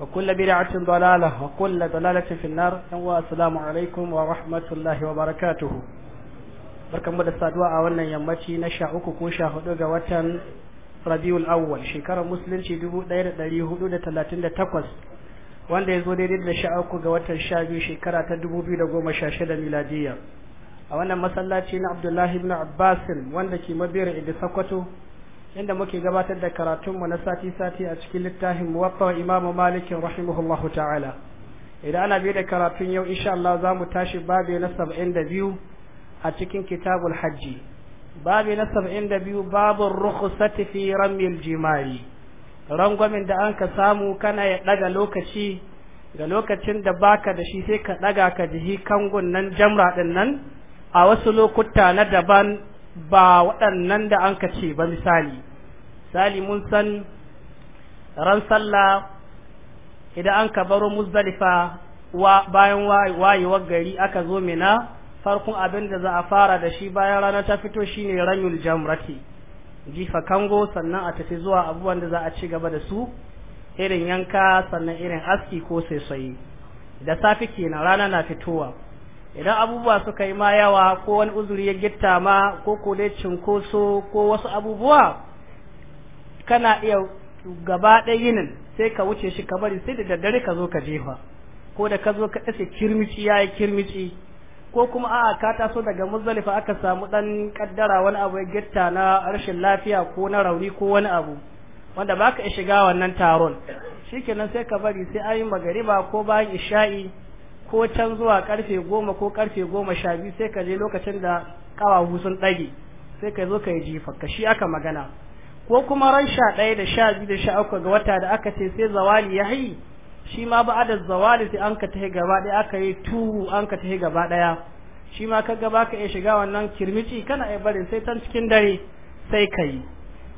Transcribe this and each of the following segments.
وكل بدعة ضلالة وكل ضلالة في النار والسلام عليكم ورحمة الله وبركاته Barka da saduwa a wannan yammaci na sha uku ko sha hudu ga watan rabiul awwal shekarar musulunci dubu ɗaya da ɗari hudu da talatin da takwas wanda ya zo daidai da sha uku ga watan sha biyu shekara ta dubu biyu da goma sha shida miladiya a wannan masallaci na abdullahi ibn abbasin wanda ke mabiyar idi sakwato inda muke gabatar da karatunmu na sati-sati a cikin littafin muwaffa imamu malikin rahimahullahu ta'ala idan ana bi da karatun yau insha Allah za mu tashi babi na saba'in da biyu a cikin kitabul hajji babi na saba'in da biyu babin rukhsati fi ramil jimari rangwamin da an ka samu kana ya daga lokaci ga lokacin da baka da shi sai ka daga ka jihi kangun nan jamra din nan a wasu lokuta na daban ba waɗannan da an ka ce ba misali salimun san ran sallah idan an ka baro muzdalifa bayan wayewar gari aka zo mina farkon abin da za a fara da shi bayan rana ta fito shine ranyul jamrati jifa kango sannan a tafi zuwa abubuwan da za a ci gaba da su irin yanka sannan irin aski ko sai-sai da safi kenan rana na fitowa idan abubuwa suka yi ma yawa ko wani uzuri ya gitta ma ko ko dai cinkoso ko wasu abubuwa kana iya gaba ɗaya yinin sai ka wuce shi ka bari sai da daddare ka zo ka jefa ko da ka zo ka ɗace kirmici ya yi kirmici ko kuma a'a ka taso daga muzdalifa aka samu ɗan kaddara wani abu ya getta na rashin lafiya ko na rauni ko wani abu wanda baka ka shiga wannan taron shikenan sai ka bari sai ayi magariba ko bayan isha'i ko can zuwa karfe goma ko karfe goma sha biyu sai ka je lokacin da kawahu sun ɗage sai ka zo ka yi jifa ka shi aka magana ko kuma ran sha ɗaya da sha biyu da sha uku ga wata da aka ce sai zawali ya yi shi ma ba da zawali sai an ka tahi gaba ɗaya aka yi tuhu an ka tahi gaba ɗaya shi ma ka gaba ka iya shiga wannan kirmici kana iya barin sai tan cikin dare sai ka yi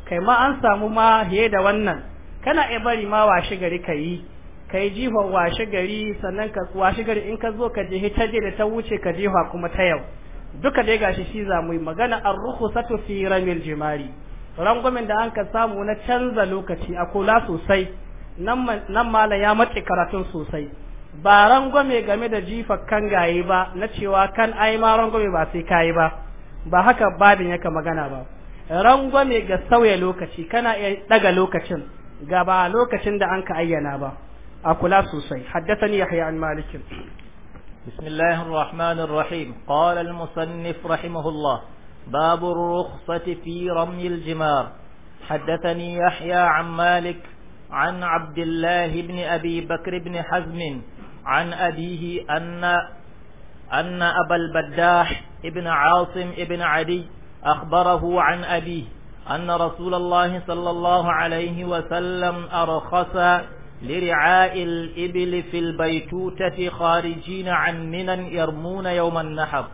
kai ma an samu ma fiye da wannan kana iya bari ma washe gari ka yi ka yi jihon washe gari sannan ka washe gari in ka zo ka je ta je da ta wuce ka jefa kuma ta yau duka dai gashi shi za mu yi magana an ruhu satu fi ramil jimari rangwamen da an ka samu na canza lokaci a kula sosai nan malam ya matse karatun sosai ba rangwame game da jifa kan gaye ba na cewa kan ai ma rangwame ba sai kayi ba ba haka babin yaka magana ba rangwame ga sauya lokaci kana iya daga lokacin ga ba lokacin da an ka ayyana ba a kula sosai haddathani yahya an malikin بسم الله الرحمن الرحيم باب الرخصة في رمي الجمار حدثني يحيى عن مالك عن عبد الله بن أبي بكر بن حزم عن أبيه أن أن أبا البداح ابن عاصم ابن عدي أخبره عن أبيه أن رسول الله صلى الله عليه وسلم أرخص لرعاء الإبل في البيتوتة خارجين عن منن يرمون يوم النحر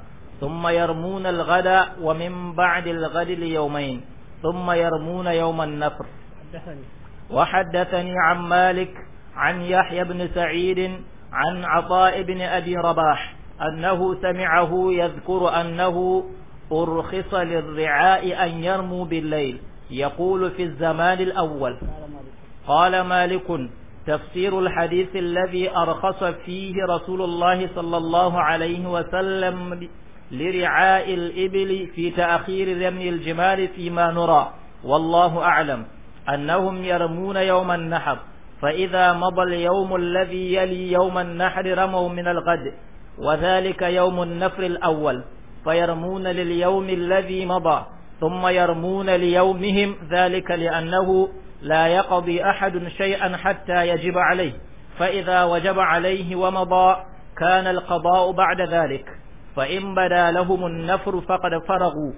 ثم يرمون الغد ومن بعد الغد ليومين ثم يرمون يوم النفر وحدثني عن مالك عن يحيى بن سعيد عن عطاء بن أبي رباح أنه سمعه يذكر أنه أرخص للرعاء أن يرموا بالليل يقول في الزمان الأول قال مالك تفسير الحديث الذي أرخص فيه رسول الله صلى الله عليه وسلم لرعاء الإبل في تأخير رمي الجمال فيما نرى والله أعلم أنهم يرمون يوم النحر فإذا مضى اليوم الذي يلي يوم النحر رموا من الغد وذلك يوم النفر الأول فيرمون لليوم الذي مضى ثم يرمون ليومهم ذلك لأنه لا يقضي أحد شيئا حتى يجب عليه فإذا وجب عليه ومضى كان القضاء بعد ذلك فإن بدا لهم النفر فقد فرغوا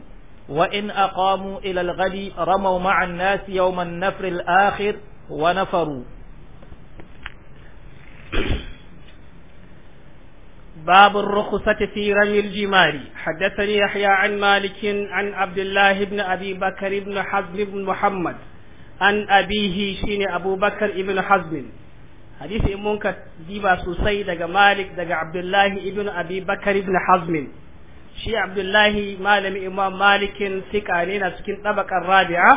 وإن أقاموا إلى الغد رموا مع الناس يوم النفر الآخر ونفروا باب الرخصة في رمي الجمار حدثني يحيى عن مالك عن عبد الله بن أبي بكر بن حزم بن محمد عن أبيه شين أبو بكر بن حزم hadisi in mun ka diba sosai daga Malik daga Abdullahi ibn Abi Bakar ibn Hazm shi Abdullahi malami Imam Malikin sika ne na cikin tabakar Rabi'a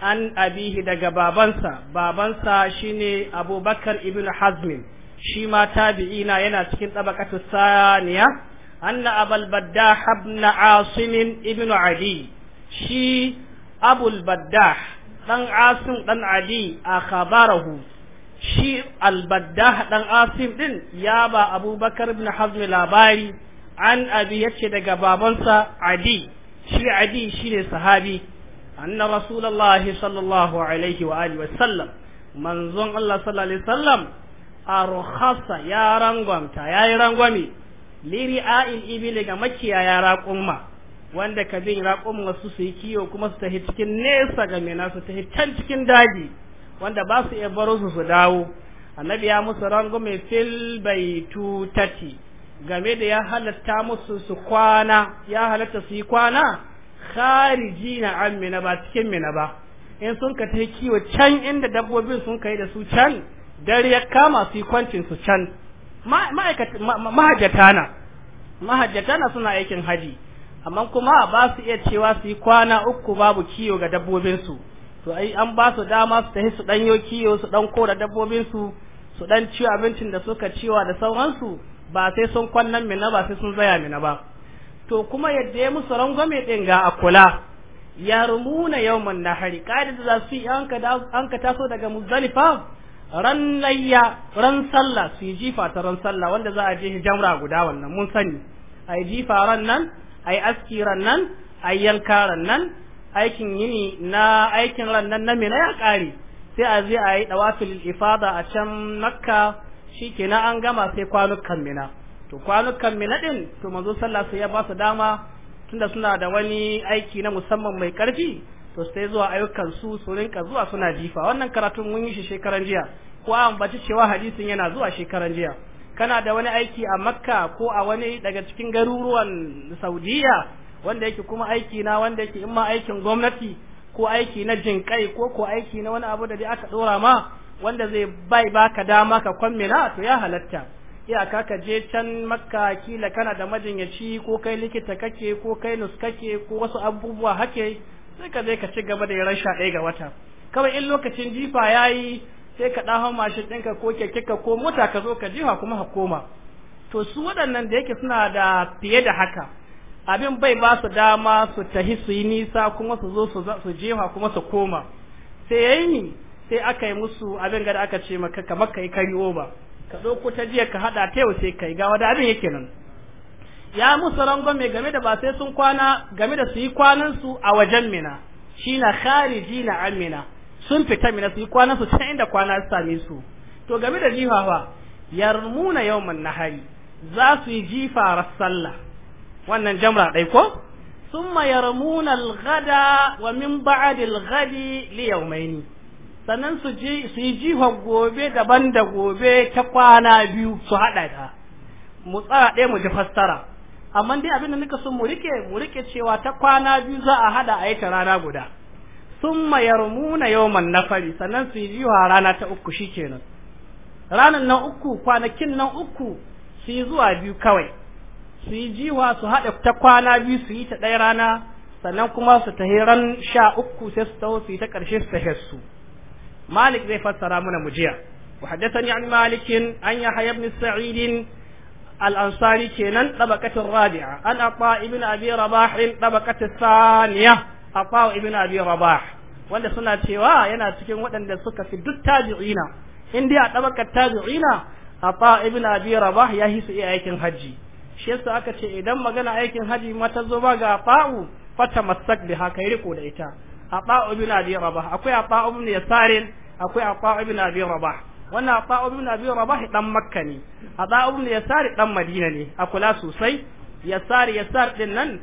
an abihi daga babansa babansa shine Abubakar ibn Hazm shi ma tabi'ina yana cikin tabakatu saniya anna abal baddah ibn asim ibn adi shi abulbadda ɗan dan asim dan adi akhbarahu shi albadda dan asim din ya ba abubakar bin hazm labari an abi yace daga babansa adi shi adi shine sahabi anna rasulullahi sallallahu alaihi wa alihi wa sallam manzon Allah sallallahu alaihi wasallam arhasa ya rangwamta yayi rangwami liri a'il ibili ga makiyaya raƙumma wanda ka bin raƙumma su su yi kiyo kuma su tafi cikin nesa ga mena su tafi can cikin daji wanda ba su iya baro su su dawo annabi ya musu rangume fil bai tutati game da ya halatta musu su kwana ya halatta su yi kwana khariji na an mina ba cikin mina ba in sun ka ta kiwo can inda dabbobin sun kai da su can dare ya kama su yi kwancin su can mahajjata na mahajjata na suna aikin haji amma kuma ba su iya cewa su yi kwana uku babu kiwo ga dabbobinsu to ai an ba su dama su tafi su dan kiyo su dan kora dabbobin su su dan ci abincin da suka ciwa da sauransu ba sai sun kwannan mina ba sai sun zaya mina ba to kuma yadda ya musu rangwame din ga akula ya rumuna yawman nahari kaida da za su yi an ka taso daga muzdalifa ran layya ran sallah su yi jifa ta ran sallah wanda za a je jamra guda wannan mun sani a yi jifa ran nan a yi aski nan a yi yanka nan aikin yini na aikin rannan na mina ya kare sai a zai a yi dawafil ifada a can makka shi na an gama sai kwanukan mina to kwanukan mina din to manzo sallah sai ya ba su dama tunda suna da wani aiki na musamman mai karfi to sai zuwa ayyukan su su rinka zuwa suna jifa wannan karatun mun yi shi shekaran jiya ko an bace cewa hadisin yana zuwa shekaran jiya kana da wani aiki a makka ko a wani daga cikin garuruwan saudiya wanda yake kuma aiki na wanda yake in ma aikin gwamnati ko aiki na jinkai ko ko aiki na wani abu da dai aka dora ma wanda zai bai baka dama ka na to ya halatta iyaka ka je can makka kila kana da majinyaci ko kai likita kake ko kai nuskake ko wasu abubuwa hake sai ka je ka ci gaba da yaran sha ɗaya ga wata kawai in lokacin jifa ya yi sai ka ɗaho mashin ɗinka ko keke ka ko mota ka zo ka jifa kuma ka koma to su waɗannan da yake suna da fiye da haka abin bai ba su dama su tahi su yi nisa kuma su zo su jefa kuma su koma sai ya ni sai aka yi musu abin gada aka ce maka kamar yi kari oba ka ɗauko ta jiya ka haɗa ta yau sai kai gawa da abin yake nan ya musu rangon mai game da ba sai sun kwana game da su yi kwanan a wajen mina shi na khariji na amina sun fita mina su yi kwanan su can inda kwana su same su to game da jifa fa yarmuna na hari za su yi jifa sallah wannan jamra dai ko summa yarmuna al-ghada wa min ba'd al li yawmayn sannan su yi jiwa gobe daban da gobe ta kwana biyu su hada ta mu tsara ɗaya mu ji fassara amma dai abin da nika so mu rike mu rike cewa ta kwana biyu za a hada a yi ta rana guda summa yarmuna yawman nafari sannan su yi jiwa rana ta uku shikenan ranan nan uku kwanakin nan uku su yi zuwa biyu kawai su yi jiwa su haɗa ta kwana biyu su yi ta ɗaya rana sannan kuma su ta ran sha uku sai su taho su ta ƙarshe su tahe su malik zai fassara mana mu jiya haddasa ni an malikin an ya hayab ni sa'idin al'ansari kenan ɗabakatin rabi'a an aƙwa ibin abi rabah ɗin ɗabakatin saniya aƙwa wa ibn abi rabah wanda suna cewa yana cikin waɗanda suka fi duk tabi'ina in dai a ɗabakar tabi'ina aƙwa ibin abi rabah ya su iya aikin hajji shi yasa aka ce idan magana aikin haji ma ta zo ba ga fa'u fata masak bi haka riko da ita a fa'u bin abi rabah akwai a fa'u bin yasarin akwai a fa'u bin abi rabah wannan a fa'u bin abi rabah dan makka ne a fa'u bin yasari dan madina ne a kula sosai yasari yasar din nan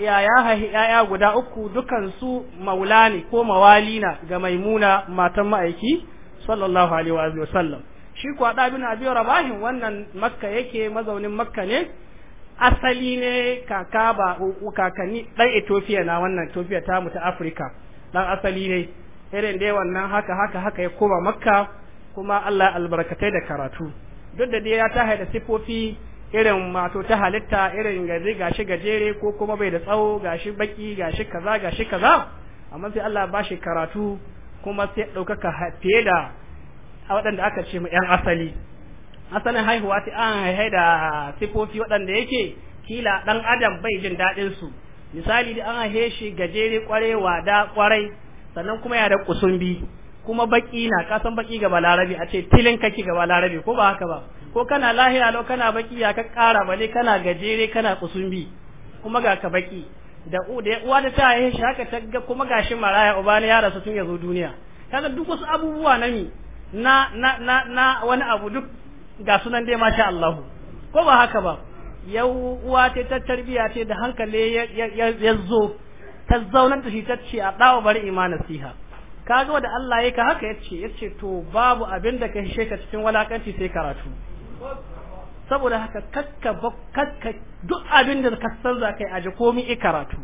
ya ya guda uku dukan su maulani ko mawalina ga maimuna matan ma'aiki sallallahu alaihi wa sallam shi kuwa ɗabin abin rabahin wannan makka yake mazaunin makka ne asali ne kaka ba kakanni ɗan etofiya na wannan etofiya ta ta afirka ɗan asali ne irin dai wannan haka haka haka ya koma makka kuma allah albarkatai da karatu duk da dai ya ta da sifofi irin mato ta halitta irin gaji gashi gajere ko kuma bai da tsawo gashi baki gashi kaza gashi kaza amma sai allah ba shi karatu kuma sai ɗaukaka fiye da a waɗanda aka ce mu yan asali asalin haihuwa ta an haihai da sifofi waɗanda yake kila ɗan adam bai jin daɗinsu. misali da an haihe shi gajere kwarai wada ƙwarai sannan kuma ya da kusumbi kuma baki na kasan baki ga balarabi a ce tilin kake ga balarabi ko ba haka ba ko kana lahira lau kana baki ya ka ƙara bale kana gajere kana kusumbi kuma ga ka baki da uwa da ta haihe shi haka ga kuma gashi maraya uba ne ya rasu tun ya zo duniya kaga duk wasu abubuwa na mi na na na na wani abu duk ga sunan dai masha Allah ko ba haka ba yau uwa ce ta tarbiya ce da hankali ya zo ta zauna da shi ta ce a dawo bari imana siha kaga wanda Allah ya ka haka yace yace to babu abin da ka sheka cikin walakanci sai karatu saboda haka kakka kakka duk abin da ka san za kai aje karatu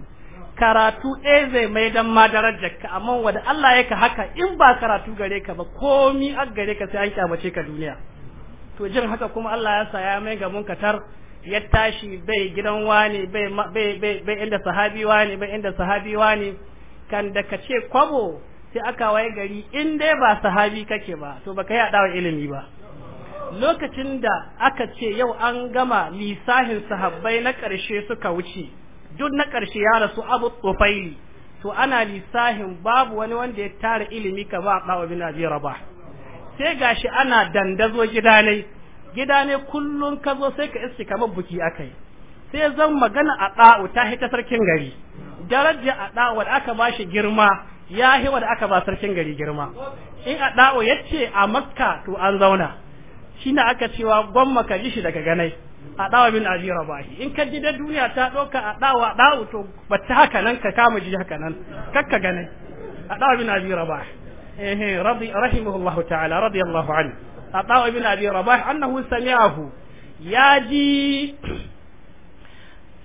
karatu ɗaya zai mai dan madarar jakka amma wanda Allah yaka haka in ba karatu gare ka ba komi a gare ka sai an kyamace ka duniya to jin haka kuma Allah ya sa ya mai ga munkatar ya tashi bai gidan wani bai bai bai inda sahabi wani bai inda sahabi wani kan da ka ce kwabo sai aka waye gari in dai ba sahabi kake ba to baka yi adawa ilimi ba lokacin da aka ce yau an gama lisahin sahabbai na karshe suka wuce duk na ƙarshe ya rasu abu tsofai to ana lissahin babu wani wanda ya tara ilimi ka ba ɓawa bin abi ba sai gashi ana dandazo gida ne gida ne kullum ka zo sai ka iske kamar buki akai sai zan magana a ɗa'u ta hita sarkin gari daraja a ɗa'u da aka ba shi girma ya yi da aka ba sarkin gari girma in a ɗa'u ya ce a makka to an zauna shi aka cewa gwamma ka ji shi daga ganai a dawa bin abi rabahi in ka ji da duniya ta ɗauka a dawa dawo to batta haka nan ka kama ji haka nan kakka gane a dawa bin abi rabahi eh radi rahimahullahu ta'ala radiyallahu anhu a dawa bin abi rabahi annahu sami'ahu ya ji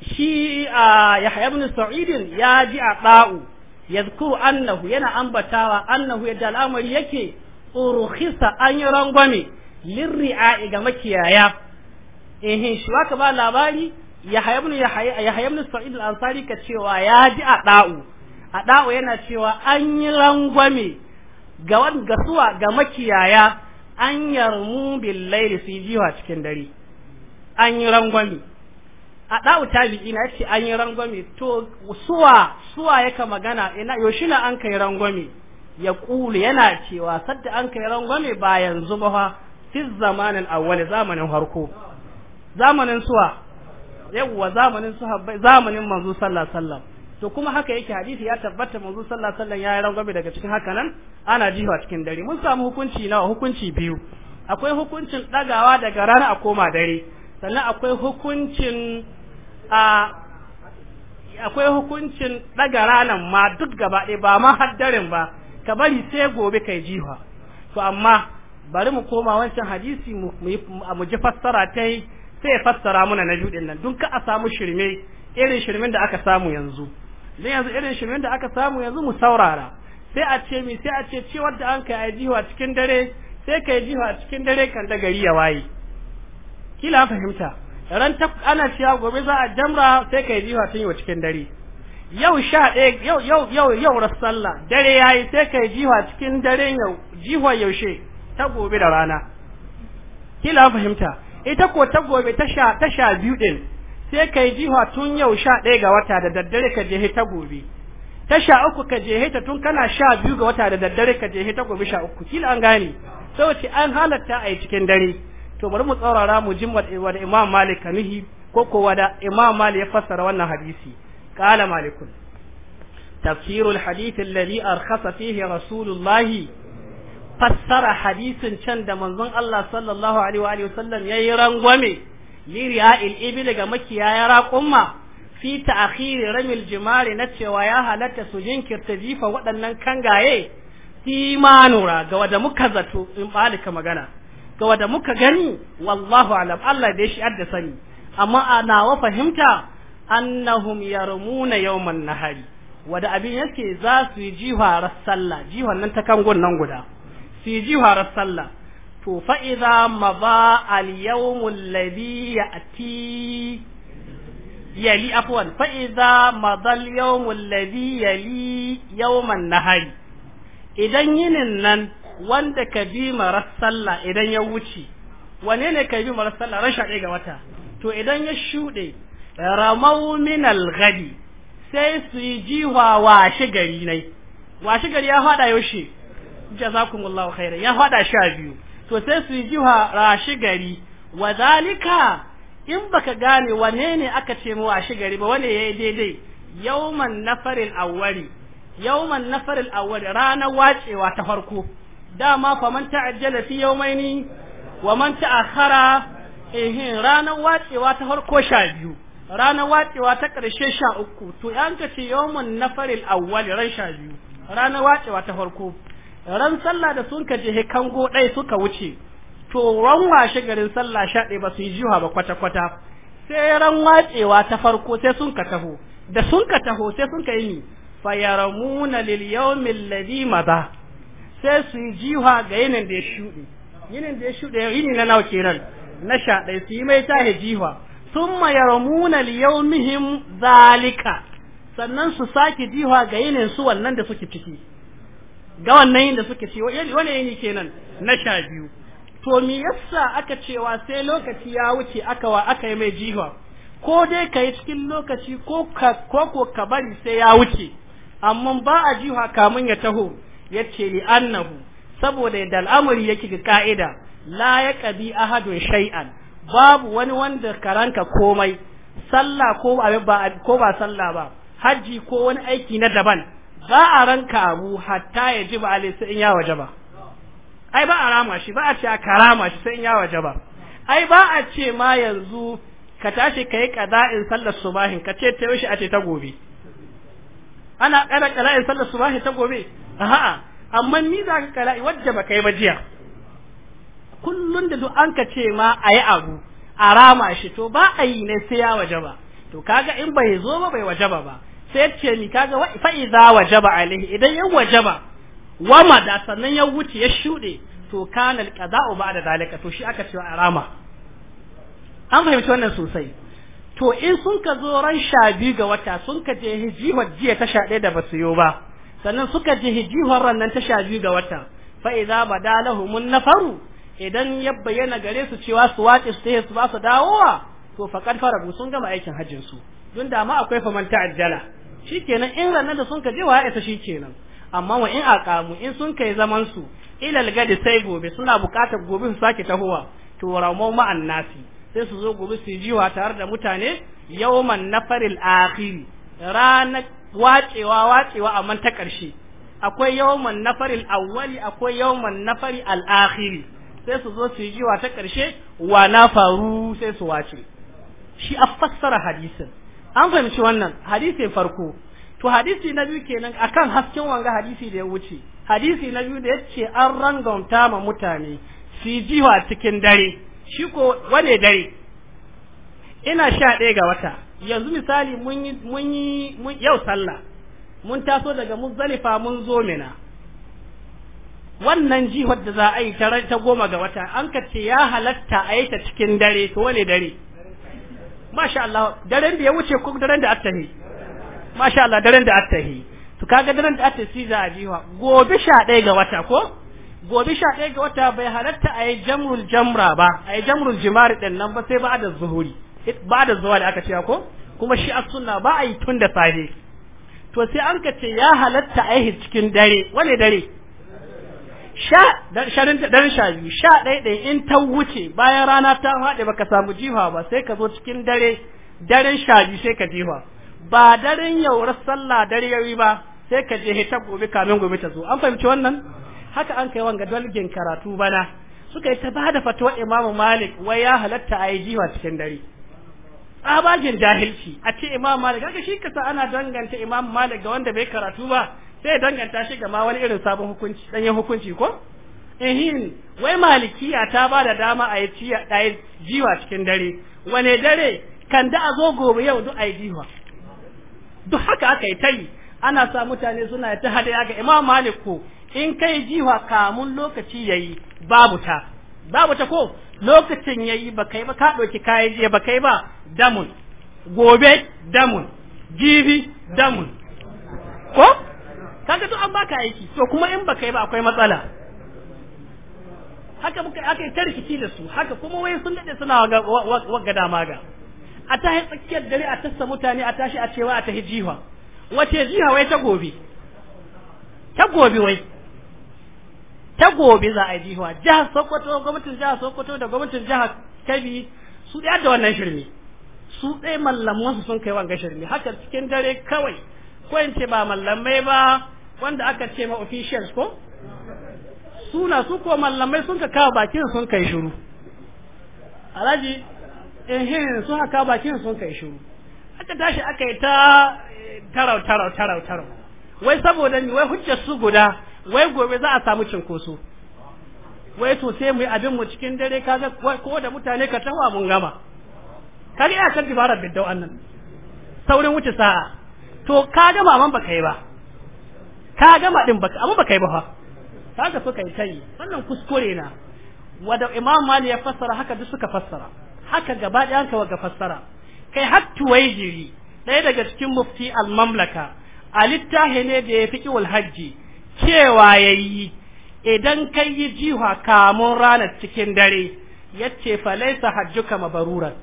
shi a yahya ibn sa'id ya ji a da'u yadhkuru annahu yana ambatawa annahu yadda al'amari yake urukhisa an yi rangwame lirri'a ga makiyaya eh shi waka ba labari Yahya ibn ya Sa'id al-Ansari ka cewa ya ji a da'u a da'u yana cewa an yi rangwame ga suwa ga makiyaya an yarmu bil laili fi jiwa cikin dare an yi rangwame a da'u tabi'i na ce an yi rangwame to suwa suwa yaka magana ina na an kai rangwame ya kulu yana cewa sadda an kai rangwame ba yanzu ba fa fi zamanin awwal zamanin harko zamanin suwa yawwa zamanin sahabbai zamanin manzo sallallahu alaihi wasallam to kuma haka yake hadisi ya tabbata manzo sallallahu alaihi wasallam ya rangwame daga cikin haka nan ana jiwa cikin dare mun samu hukunci nawa hukunci biyu akwai hukuncin dagawa daga rana a koma dare sannan akwai hukuncin a akwai hukuncin daga ranan ma duk gaba ɗaya ba ma haddarin ba ka bari sai gobe kai jiwa to amma bari mu koma wancan hadisi mu ji fassara ta yi sai fassara muna na biyu nan dun ka a samu shirme irin shirmin da aka samu yanzu dan yanzu irin shirmin da aka samu yanzu mu saurara sai a ce mi sai a ce cewar da an kai a cikin dare sai kai jiwa cikin dare kan da gari ya waye kila fahimta ran ta ana cewa gobe za a jamra sai kai jiwa tun yau cikin dare yau sha yau yau yau yau rassalla dare yayi sai kai jiwa cikin dare yau jiwa yaushe ta gobe da rana kila fahimta ita ko ta gobe ta sha ta sha biyu din sai kai jiha tun yau sha ɗaya ga wata da daddare ka je ta gobe ta sha uku ka je ta tun kana sha biyu ga wata da daddare ka je ta gobe sha uku kila an gane saboda an halatta a yi cikin dare to bari mu tsaurara mu ji wa Imam Malik kanihi ko ko wa Imam Malik ya fassara wannan hadisi qala malikun tafsirul hadith alladhi arkhasa fihi rasulullahi fassara hadisin can da manzon Allah sallallahu alaihi wa sallam yayi rangwame ri'ail ibil ga makiyaya raqumma fi ta'khiri ramil jimari na cewa ya halatta su jinkirta jifa waɗannan kangaye fi manura ga wanda muka zato in balika magana ga wanda muka gani wallahu alam Allah da shi adda sani amma ana wa fahimta annahum yarmuna yawman nahari wada abin yake za su yi jihar sallah jihar nan ta kangon nan guda Suyi ji harar sallah to fa idza maba al yawm alladhi ya'ti yali afwan fa idza nahari idan nan wanda ka bi marar sallah idan ya wuce wane ne ka bi marar sallah ran ga wata to idan ya shuɗe ramau min alghadi sai suyi yi jiwa washe gari nai washe gari ya faɗa yaushe jazakumullahu khairan ya fada sha biyu to sai su yi jiha rashi gari wa zalika in baka gane wane ne aka ce mu rashi gari ba wane yayi daidai yawman nafaril awwali yawman nafaril awwali ranar wacewa ta farko dama fa man ta'ajjala fi yawmaini wa man ta'akhara eh ranar wacewa ta farko sha biyu ranar wacewa ta karshe sha uku to yanka ce yawman nafaril awwali ran sha biyu ranar wacewa ta farko ran sallah da sun kaje he kango dai suka wuce to ran washe garin sallah sha ɗaya ba su yi jiha ba kwata-kwata sai ran watsewa ta farko sai sun ka taho da sun ka taho sai sun ka yi ni fayaramuna lil yawmil ladhi madha sai su yi jiha ga yinin da ya shuɗe yinin da ya shuɗe yini na nawa kenan na sha ɗaya su yi mai he jiha thumma yaramuna li yawmihim zalika sannan su saki jiha ga yinin su wannan da suke ciki ga wannan yin da suke ce wani yini kenan na sha biyu to me yasa aka cewa sai lokaci ya wuce aka wa aka yi mai jiha ko dai ka yi cikin lokaci ko ko ka bari sai ya wuce amma ba a jiwa kamun ya taho ya ce li annahu saboda yadda al'amari yake ga ka'ida la ya ƙabi ahadun shay'an babu wani wanda karanka komai sallah ko ba ko ba sallah ba hajji ko wani aiki na daban ba a ranka abu hatta ya ji ba a sai in ya waje ba ai ba a rama shi ba a ce a karama shi sai in ya waje ba ai ba a ce ma yanzu ka tashi ka yi in sallar subahin ka ce ta yaushe a ce ta gobe ana ƙara in sallar subahin ta gobe a'a amma ni za ka ƙada'i wadda ba ka yi ba jiya kullum da duk an ka ce ma a yi abu a rama shi to ba a yi ne sai ya waje ba to kaga in bai zo ba bai waje ba ba sai ce ni kaga fa idza wajaba alaihi idan ya wajaba wama da sannan ya wuce ya shude to kana alqada'u ba'da zalika to shi aka cewa arama an fahimci wannan sosai to in sun ka zo ran sha biyu ga wata sun ka je hijihar jiya ta sha ɗaya da basu yo ba sannan suka je hijihar ran nan ta sha biyu ga wata fa idza badalahumun nafaru idan ya bayyana gare su cewa su wace su su ba su dawowa to faqad faragu sun gama aikin hajjin su don da ma akwai faman jala. shikenan in ranar da sun ka je wa shi shikenan amma wa in aqamu in sun kai zaman su ilal gadi sai gobe suna buƙatar gobe su sake tahowa to ramau ma annasi sai su zo gobe su ji wa tare da mutane yawman nafaril akhir ranar wacewa wacewa amma ta ƙarshe akwai yawman nafaril awwali akwai yawman nafari al akhir sai su zo su ji wa ta ƙarshe wa na faru sai su wace shi a fassara hadisin an fahimci wannan hadisi farko to hadisi na biyu kenan akan hasken wanga hadisi da ya wuce hadisi na biyu da yace an rangaunta ma mutane su a cikin dare shi ko wane dare ina sha ɗaya ga wata yanzu misali mun yi yau sallah mun taso daga muzdalifa mun zo mina wannan jihar da za a yi ta goma ga wata an ka ya halatta a yi ta cikin dare to wane dare masha Allah daren da ya wuce ko daren da attahi masha Allah daren da attahi to kaga daren da attahi za a jiwa gobe 11 ga wata ko gobe 11 ga wata bai halatta a yi jamrul jamra ba a yi jamrul jimari din nan ba sai ba da zuhuri ba da zuwa da aka ce ko kuma shi as sunna ba a yi tun da safe to sai an ka ce ya halatta a yi cikin dare wane dare sha dan sha biyu sha ɗaya ɗaya in ta wuce bayan rana ta haɗe baka samu jifa ba sai ka zo cikin dare daren sha biyu sai ka jifa ba daren yaurar sallah dare yawi ba sai ka je ta gobe kamin gobe ta zo an fahimci wannan haka an kai wanga dalgin karatu bana suka yi ta ba da fatuwar imamu malik wai ya halatta a yi jiwa cikin dare tsabagen jahilci a ce imamu malik haka shi kasa ana danganta imamu malik ga wanda bai karatu ba sai danganta shi ga ma wani irin sabon hukunci yan hukunci ko ehin wai malikiya ta ba da dama a yi jiwa cikin dare wane dare kan da a zo gobe yau duk a jiwa duk haka aka yi tayi ana sa mutane suna ta hada ga imam malik ko in kai jiwa kamun lokaci yayi babu ta babu ta ko lokacin yayi ba kai ba ka ɗauki kayan jiya ba kai ba damun gobe damun jibi damun ko kaga duk an baka aiki to kuma in baka yi ba akwai matsala haka muka aka yi tarkici da su haka kuma wai sun dade suna wagga dama ga a hi tsakiyar dare a tassa mutane a tashi a cewa a tahi jiha wace jiha wai ta gobe ta gobe wai ta gobe za a yi jiha jihar sokoto gwamnatin jihar sokoto da gwamnatin jihar Kabi su da wannan shirme su ɗaya mallamansu sun kai wanga shirme haka cikin dare kawai ko in ce ba mallamai ba wanda aka ce ma officials ko suna su ko mallamai sun ka kawo bakin sun kai shiru alhaji in hirin sun kawo bakin sun kai shiru aka tashi aka yi ta tarau tarau tarau tarau wai saboda ni wai hujjar su guda wai gobe za a samu cinkoso wai to sai mu yi abin mu cikin dare kaga ko da mutane ka tawa mun gama a kan dibarar biddau annan saurin wuce sa'a to ka gama man baka yi ba ka gama din baka amma baka yi ba fa ka so kai yi wannan kuskure na wanda imam mali ya fassara haka duk suka fassara haka gaba yanka wa ga fassara kai har jiri ɗaya daga cikin mufti al-mamlaka a littafi ne da ya fi kiwul hajji cewa yayi idan kai yi jiha kamun ranar cikin dare yace laysa hajjuka mabaruran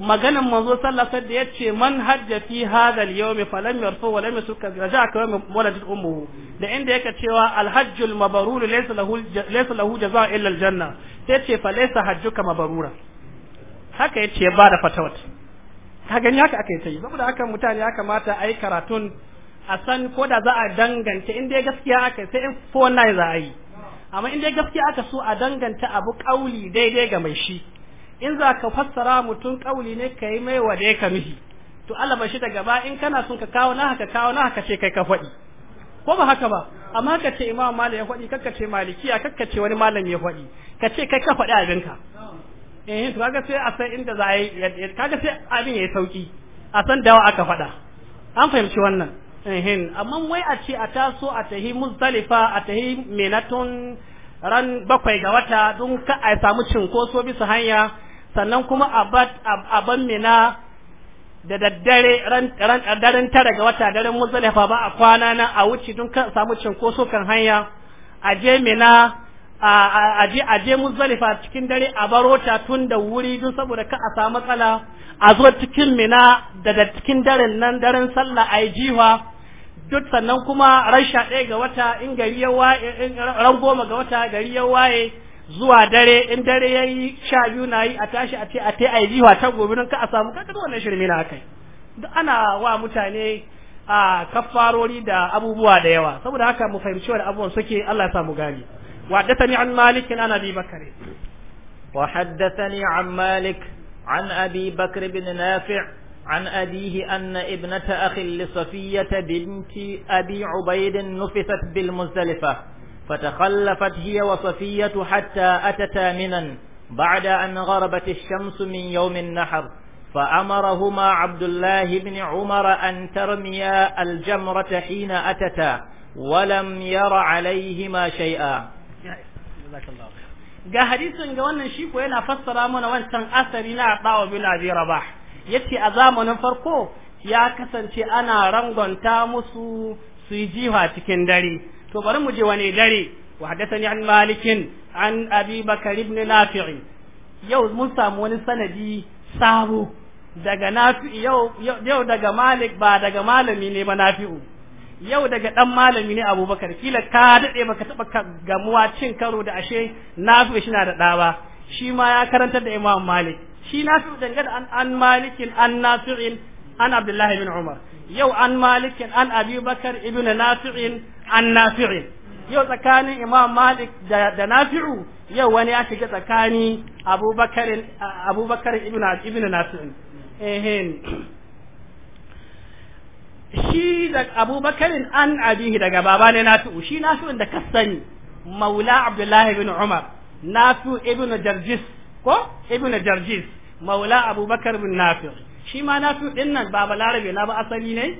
maganan manzo sallallahu alaihi wasallam yace man hajja fi hadha al-yawm falam yarfu wa lam yusuk raja'a kama walad ummuhu da inda yake cewa al-hajjul mabrur laysa lahu laysa lahu jaza'a illa al-janna yace fa laysa hajjuka mabrura haka yace ba da fatawat ka gani haka aka yi tayi saboda haka mutane ya kamata ai karatun a san ko da za a danganta inda gaskiya aka sai in 419 za a yi amma inda gaskiya aka so a danganta abu kauli daidai ga mai shi in za ka fassara mutum kauli ne ka yi mai wade ka mishi to Allah ba shi da gaba in kana son ka kawo na haka kawo na haka ce kai ka faɗi ko ba haka ba amma ka ce imam malam ya faɗi kakka ce malikiya kakka ce wani malam ya faɗi ka ce kai ka faɗi abinka eh to kaga sai a san inda za a yi kaga sai abin ya yi sauki a san dawa aka faɗa an fahimci wannan ehin amma wai a ce a taso a tahi muzdalifa a tahi menaton ran bakwai ga wata don ka a samu cinkoso bisa hanya sannan kuma a ban mina da daddare ran daren tara ga wata daren muzalifa ba a kwana na a wuce don kan samu cinkoso kan hanya a je mina a je a je muzalifa cikin dare a baro ta tun da wuri don saboda ka a samu matsala a zo cikin mina daga cikin daren nan daren sallah a jiwa duk sannan kuma ran sha ɗaya ga wata in gari ya waye ran goma ga wata gari ya waye zuwa dare in dare ya yi sha biyu na yi a tashi a ce a ta yi jiwa ta gobe don ka a samu kakar wannan shirme na kai. duk ana wa mutane a kafarori da abubuwa da yawa saboda haka mu fahimci wani abubuwan suke Allah ya samu gani wa datani an malikin ana bi bakare wa haddathani an malik an abi bakr bin nafi' عن أبيه أن ابنة أخي لصفية بنت أبي عبيد نفثت بالمزدلفة فتخلفت هي وصفية حتى أتتا منا بعد أن غربت الشمس من يوم النحر فأمرهما عبد الله بن عمر أن ترميا الجمرة حين أتتا ولم ير عليهما شيئا ga hadisin ga wannan shi ko yana fassara mana wancan asari na dawo bin abi rabah yace a zamanin farko ya kasance ana rangonta musu su yi jiha cikin dare to bari mu je wani dare wa haddathani an malikin an abi bakar ibn nafi' yau mun samu wani sanadi sabo daga nafi yau yau daga malik ba daga malami ne ba nafi'u yau daga dan malami ne abubakar kila ka dade baka taba gamuwa cin karo da ashe nafi shi na da ɗaba shi ma ya karanta da imam malik shi nafi'u dangane an malikin an nafi'in an abdullahi bin umar yau an malikin an abi ibn nafi'in an nafi'in yau tsakanin imam malik da, nafi'u yau wani ya shiga tsakani abubakar abubakar ibn ibn shi da abubakarin an abihi daga baba ne nafi'u shi nafi'un da kasani maula abdullahi bin umar nafi'u ibn jarjis ko ibn jarjis maula abubakar bin nafi'u shi ma nafi ɗin nan ba Larabe na ba asali ne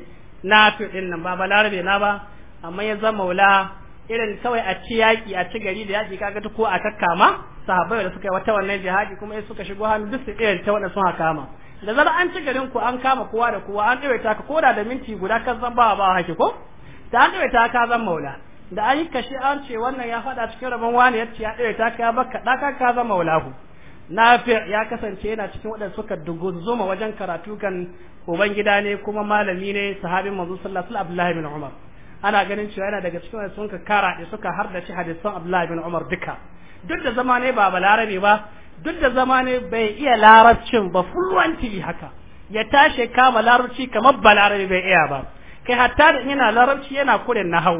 fi ɗin nan ba Larabe na ba amma ya zama wula irin kawai a ci yaƙi a ci gari da yaƙi kaga ko a kakkama sahabbai da suka yi wata wannan jihadi kuma in suka shigo hannu duk su irin ta wannan sun kama da zara an ci garin ku an kama kowa da kowa an ɗaure ka koda da minti guda kan zan ba ba haki ko da an ɗaure ta ka zan maula da an yi kashi an ce wannan ya faɗa cikin rabon wani ya ce ya ɗaure ta ka baka ɗaka ka zan maula ku nafi ya kasance yana cikin waɗanda suka dugunzuma wajen karatu kan ubangida ne kuma malami ne sahabin manzo sallallahu alaihi abdullahi bin umar ana ganin cewa yana daga cikin waɗanda suka kara da suka hardace hadisan abdullahi bin umar duka duk da zama ne ba balarabe ba duk da zama ne bai iya larabcin ba fulwanti haka ya tashi kama larabci kamar balarabe bai iya ba kai hatta da yana larabci yana na nahau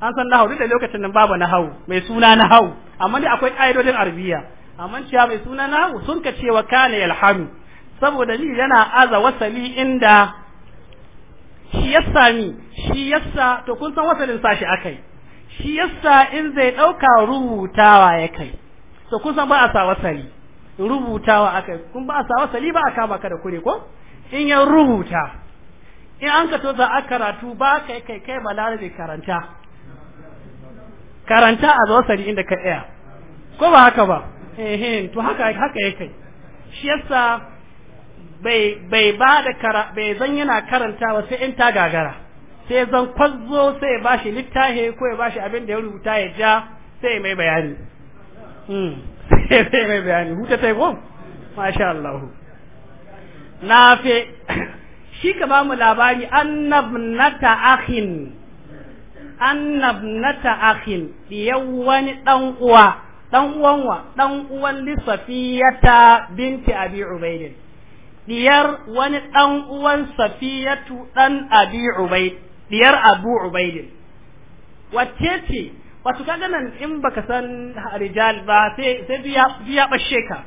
an san nahau duk da lokacin nan babu nahau mai suna nahau amma dai akwai ƙa'idodin arabiya amma cewa mai suna na sun ka cewa kana yalhamu saboda ni yana aza wasali inda shi yasa ni shi yasa to kun san wasalin sashi akai shi yasa in zai dauka rubutawa ya kai to kun san ba a sa wasali rubutawa akai kun ba a sa wasali ba a kama ka da kure ko in ya rubuta in an ka to za a karatu ba kai kai kai balarabe karanta karanta a sari inda ka tsaya ko ba haka ba ehen to haka haka yake shi yasa bai bai ba da kara bai zan yana karantawa sai in ta gagara sai zan kwazzo sai ya bashi littahi ko ya bashi abin da ya rubuta ya ja sai mai bayani hmm sai mai bayani huta tai ko masha Allah na fi shi ka ba mu labari annabnata akhin annabnata akhin yawani wani dan uwa dan uwanwa wa dan uwan lissafiyata binti abi ubaidin diyar wani dan uwan safiyatu dan abi ubaid diyar abu ubaidin wacce ce wato kaga nan in baka san rijal ba sai sai biya bashe ka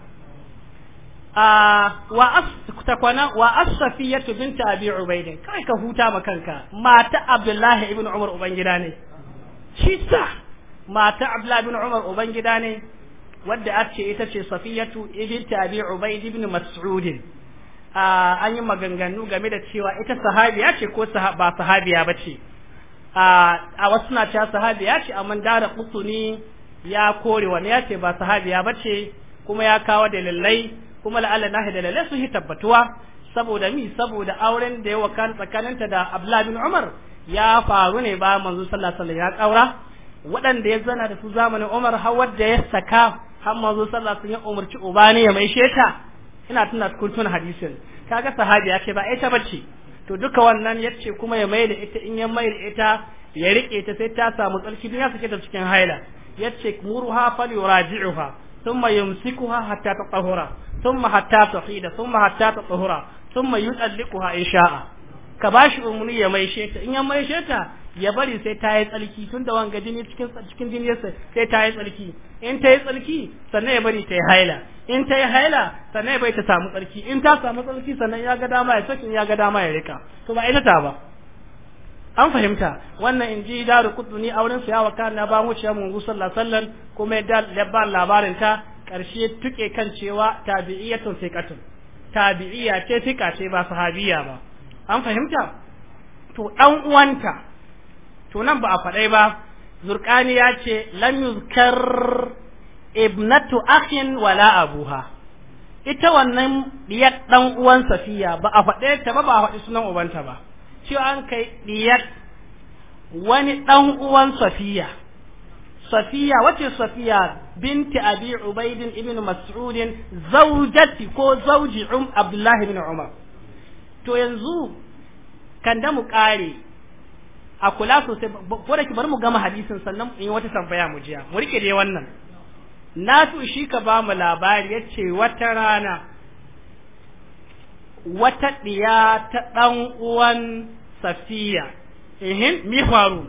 wa as takwana wa as-safiyatu binti abi ubaidin kai ka huta ma kanka mata abdullahi ibn umar ubangida ne shi sa mata Abdullah bin Umar ubangida ne wadda a ce ita ce Safiyatu ibn Tabi Ubayd ibn Mas'ud an yi maganganu game da cewa ita sahabiya ce ko ba sahabiya bace a wasu na cewa sahabiya ce amma dara kusuni ya kore wani ya ce ba sahabiya bace kuma ya kawo dalilai kuma la'alla na nahi dalilai su yi tabbatuwa saboda mi saboda auren da ya wakana tsakaninta da abdullahi bin Umar ya faru ne ba manzo sallallahu alaihi wasallam ya kaura waɗanda ya zana da su zamanin Umar har da ya saka har ma zo sallah sun ya umarci ubani ya maishe ta ina tuna cikin tun hadisin kaga sahabi ya ce ba ita bace to duka wannan yace kuma ya mai da ita in ya mai ita ya rike ta sai ta samu tsarki duniya sake ta cikin haila yace muruha fal yuraji'uha thumma yumsikuha hatta tatahura thumma hatta tahida thumma hatta tatahura thumma yudallikuha in sha'a ka bashi umri ya maishe ta in ya maishe ta ya bari sai ta yi tsarki tun da wanga jini cikin jiniyarsa sai ta yi tsarki in ta yi tsarki sannan ya bari ta yi haila in ta yi haila sannan ya bari ta samu tsarki in ta samu tsarki sannan ya ga dama ya sakin ya ga dama ya rika to ba ita ta ba an fahimta wannan in ji daru ni auren su ya waka na ba mu ciya mun gusa sallan kuma ya ba labarin ta karshe tuke kan cewa tabi'iyatun fiqatun tabi'iyya ce fika ce ba sahabiya ba an fahimta to dan uwanta to nan ba a faɗai ba zurkani ya ce lam yuzkar ibnatu akhin wala abuha ita wannan diyar dan uwan safiya ba a faɗe ta ba ba a faɗi sunan ubanta ba shi an kai diyar wani dan uwan safiya safiya wace safiya binti abi ubaidin ibn mas'ud zaujati ko Zawji um abdullahi ibn umar to yanzu kan da mu kare a kula sosai ko da ki bar mu gama hadisin sannan in wata tambaya mu jiya mu rike dai wannan nasu shi ka ba mu labari yace wata rana wata diya ta dan uwan safiya ehin mi faru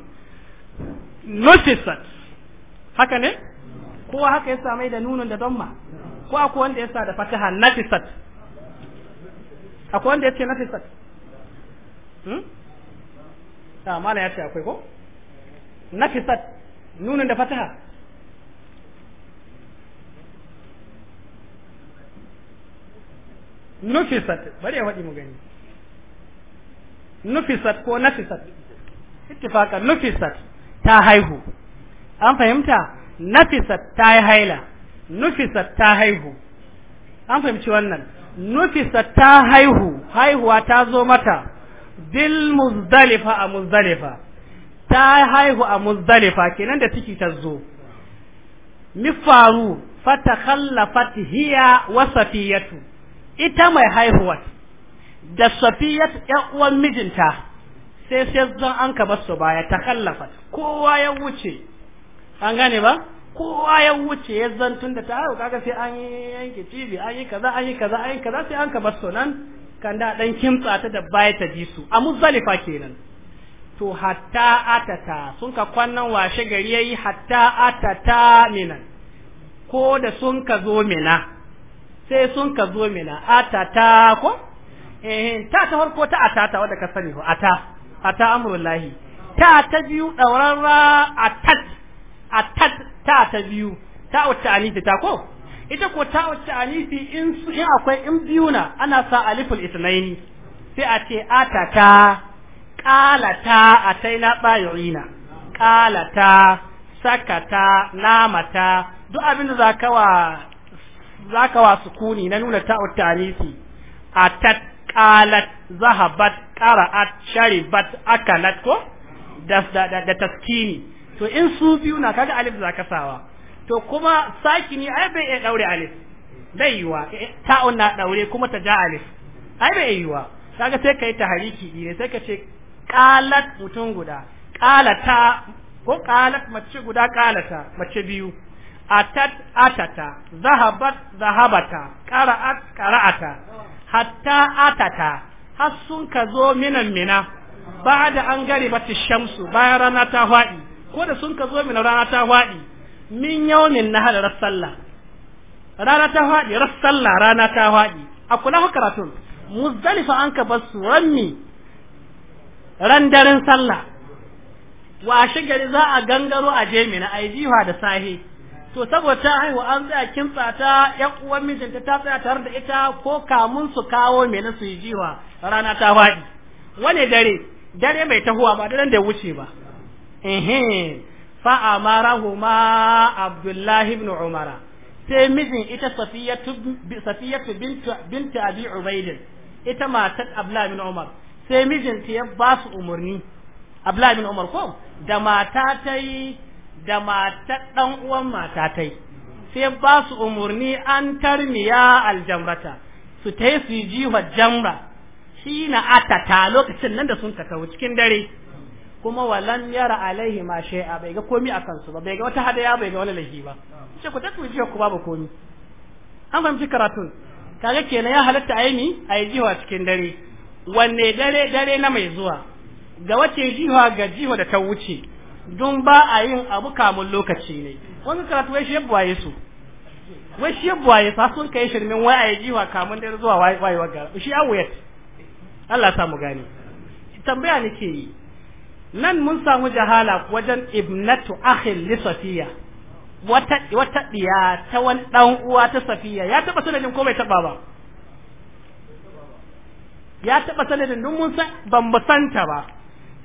notisat haka ne ko haka yasa mai da nunun da damma ko akwai wanda yasa da fataha natisat akwai wanda yace natisat hmm? ta ah, mala ya ce akwai ko nafisat nunin da fataha nufisat bari ya faɗi mu gani nufisat ko nafisat ittifaka nufisat ta haihu an fahimta nafisat ta yi haila nufisat ta haihu an fahimci wannan nufisat ta haihu haihuwa ta zo mata dil muzdalifa a muzdalifa ta haihu a muzdalifa kenan da ciki ta zo mi faru fata khallafat hiya wa safiyatu ita mai haihuwa da safiyatu ƴan uwan mijinta sai sai zan an ka basu baya ta khallafat kowa ya wuce an gane ba kowa ya wuce ya zan tun da ta haihu kaga sai an yi yanke tv an yi kaza an yi kaza an yi kaza sai an ka basu nan da dan kimtsa ta da baya ta ji su a muzalifa kenan to hatta atata sun ka kwannan washe gari yayi hatta atata minan ko da sun ka zo mina sai sun ka zo mina atata ko eh ta ta farko ta atata wanda ka sani ko ata ata amrullahi ta ta biyu daurarra atat atat ta ta biyu ta wata anita ta ko ita ko ta wacce alifi in in akwai in biyuna, ana sa aliful isnaini sai a ce atata qalata ataina bayina qalata sakata namata duk abin da zakawa wa sukuni na nuna ta wacce alifi atat qalat zahabat qara'at sharibat akalat ko da da, taskini to in su biyu na kaga alif zaka sawa to kuma saki ni ai bai daure alif dai yiwa ta'un na daure kuma ta ja alif ai bai yiwa kaga sai kai hariki. ne sai ka ce qalat mutum guda qalata ko qalat mace guda qalata mace biyu atat atata zahabat zahabata qara'at qara'ata hatta atata har sun ka zo minan mina ba da an gari ta shamsu bayan rana ta hwaɗi ko da sun ka zo minan rana ta hwaɗi min yawmin nahar rassalla rana ta faɗi rassalla rana ta faɗi a kula karatun muzdalifa an ka basu ranni ran daren sallah wa gari za a gangaro a je mina ai jiwa da sahi to saboda ta haihu an tsaya kintsata, ta yan uwan mijinta ta tsaya tare da ita ko kamun su kawo mina su yi jiwa rana ta faɗi wani dare dare mai tahuwa ba daren da wuce ba ehe fa amarahuma abdullahi ibn umara sai mijin ita safiyatu safiyatu bintu bintu abi ubaid ita matar abdullahi ibn umar sai mijin ta ya ba su umurni abdullahi ibn umar ko da mata tai da matar dan uwan mata tai sai ba su umurni an tarmiya aljamrata su tai su ji wa jamra shi na atata lokacin nan da sun ta cikin dare kuma walan yara alaihi ma shay'a bai ga komi akan su ba bai ga wata hadaya bai ga wani lahi ba shi ku tafi jiya ku babu komi an fahimci karatun kaga kenan ya halatta a yi a yi jiwa cikin dare wanne dare dare na mai zuwa ga wace jiwa ga jiwa da ta wuce don ba a yin abu kamun lokaci ne wani karatu wai shi ya buwaye su wai shi ya buwaye su sun kai shirmin wai a yi jiwa kamun dare zuwa wayewa gara shi ya Allah Allah samu gani tambaya nake yi nan mun samu jahala wajen ibnatu akhil li safiya wata wata diya ta wan dan uwa ta safiya ya taba sanadin ko bai taba ba ya taba sanadin dun mun san ban musanta ba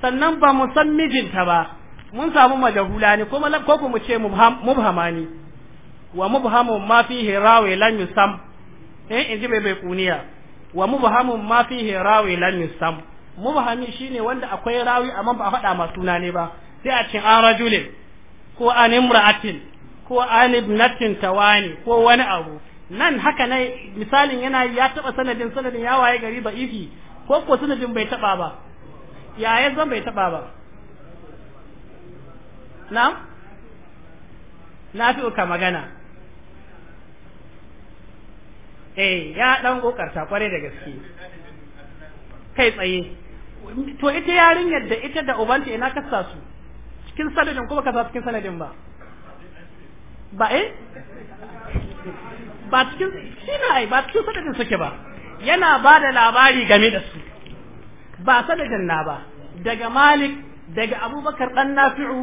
sannan ba mu san mijinta ba mun samu majahula ne ko ko ku mu ce mubhamani wa mubhamu ma fihi rawi lan yusam eh inji bai bai kuniya wa mubhamu ma fihi rawi lan yusam mubhami shine wanda akwai rawi amma ba a faɗa ma suna ne ba sai a ce an rajulin ko an imra'atin ko an ibnatin tawani ko wani abu nan haka ne misalin yana ya taba sanadin sanadin ya waye gari ba ifi ko ko sanadin bai taba ba ya ya zan bai taba ba na na fi uka magana eh ya dan kokarta kware da gaske kai tsaye to ita yarinyar da ita da ubanta ina ka sa su cikin sanadin ko ka sa cikin sanadin ba ba eh ba cikin shine ai ba cikin sanadin suke ba yana ba da labari game da su ba sanadin na ba daga Malik daga abubakar dan nafi'u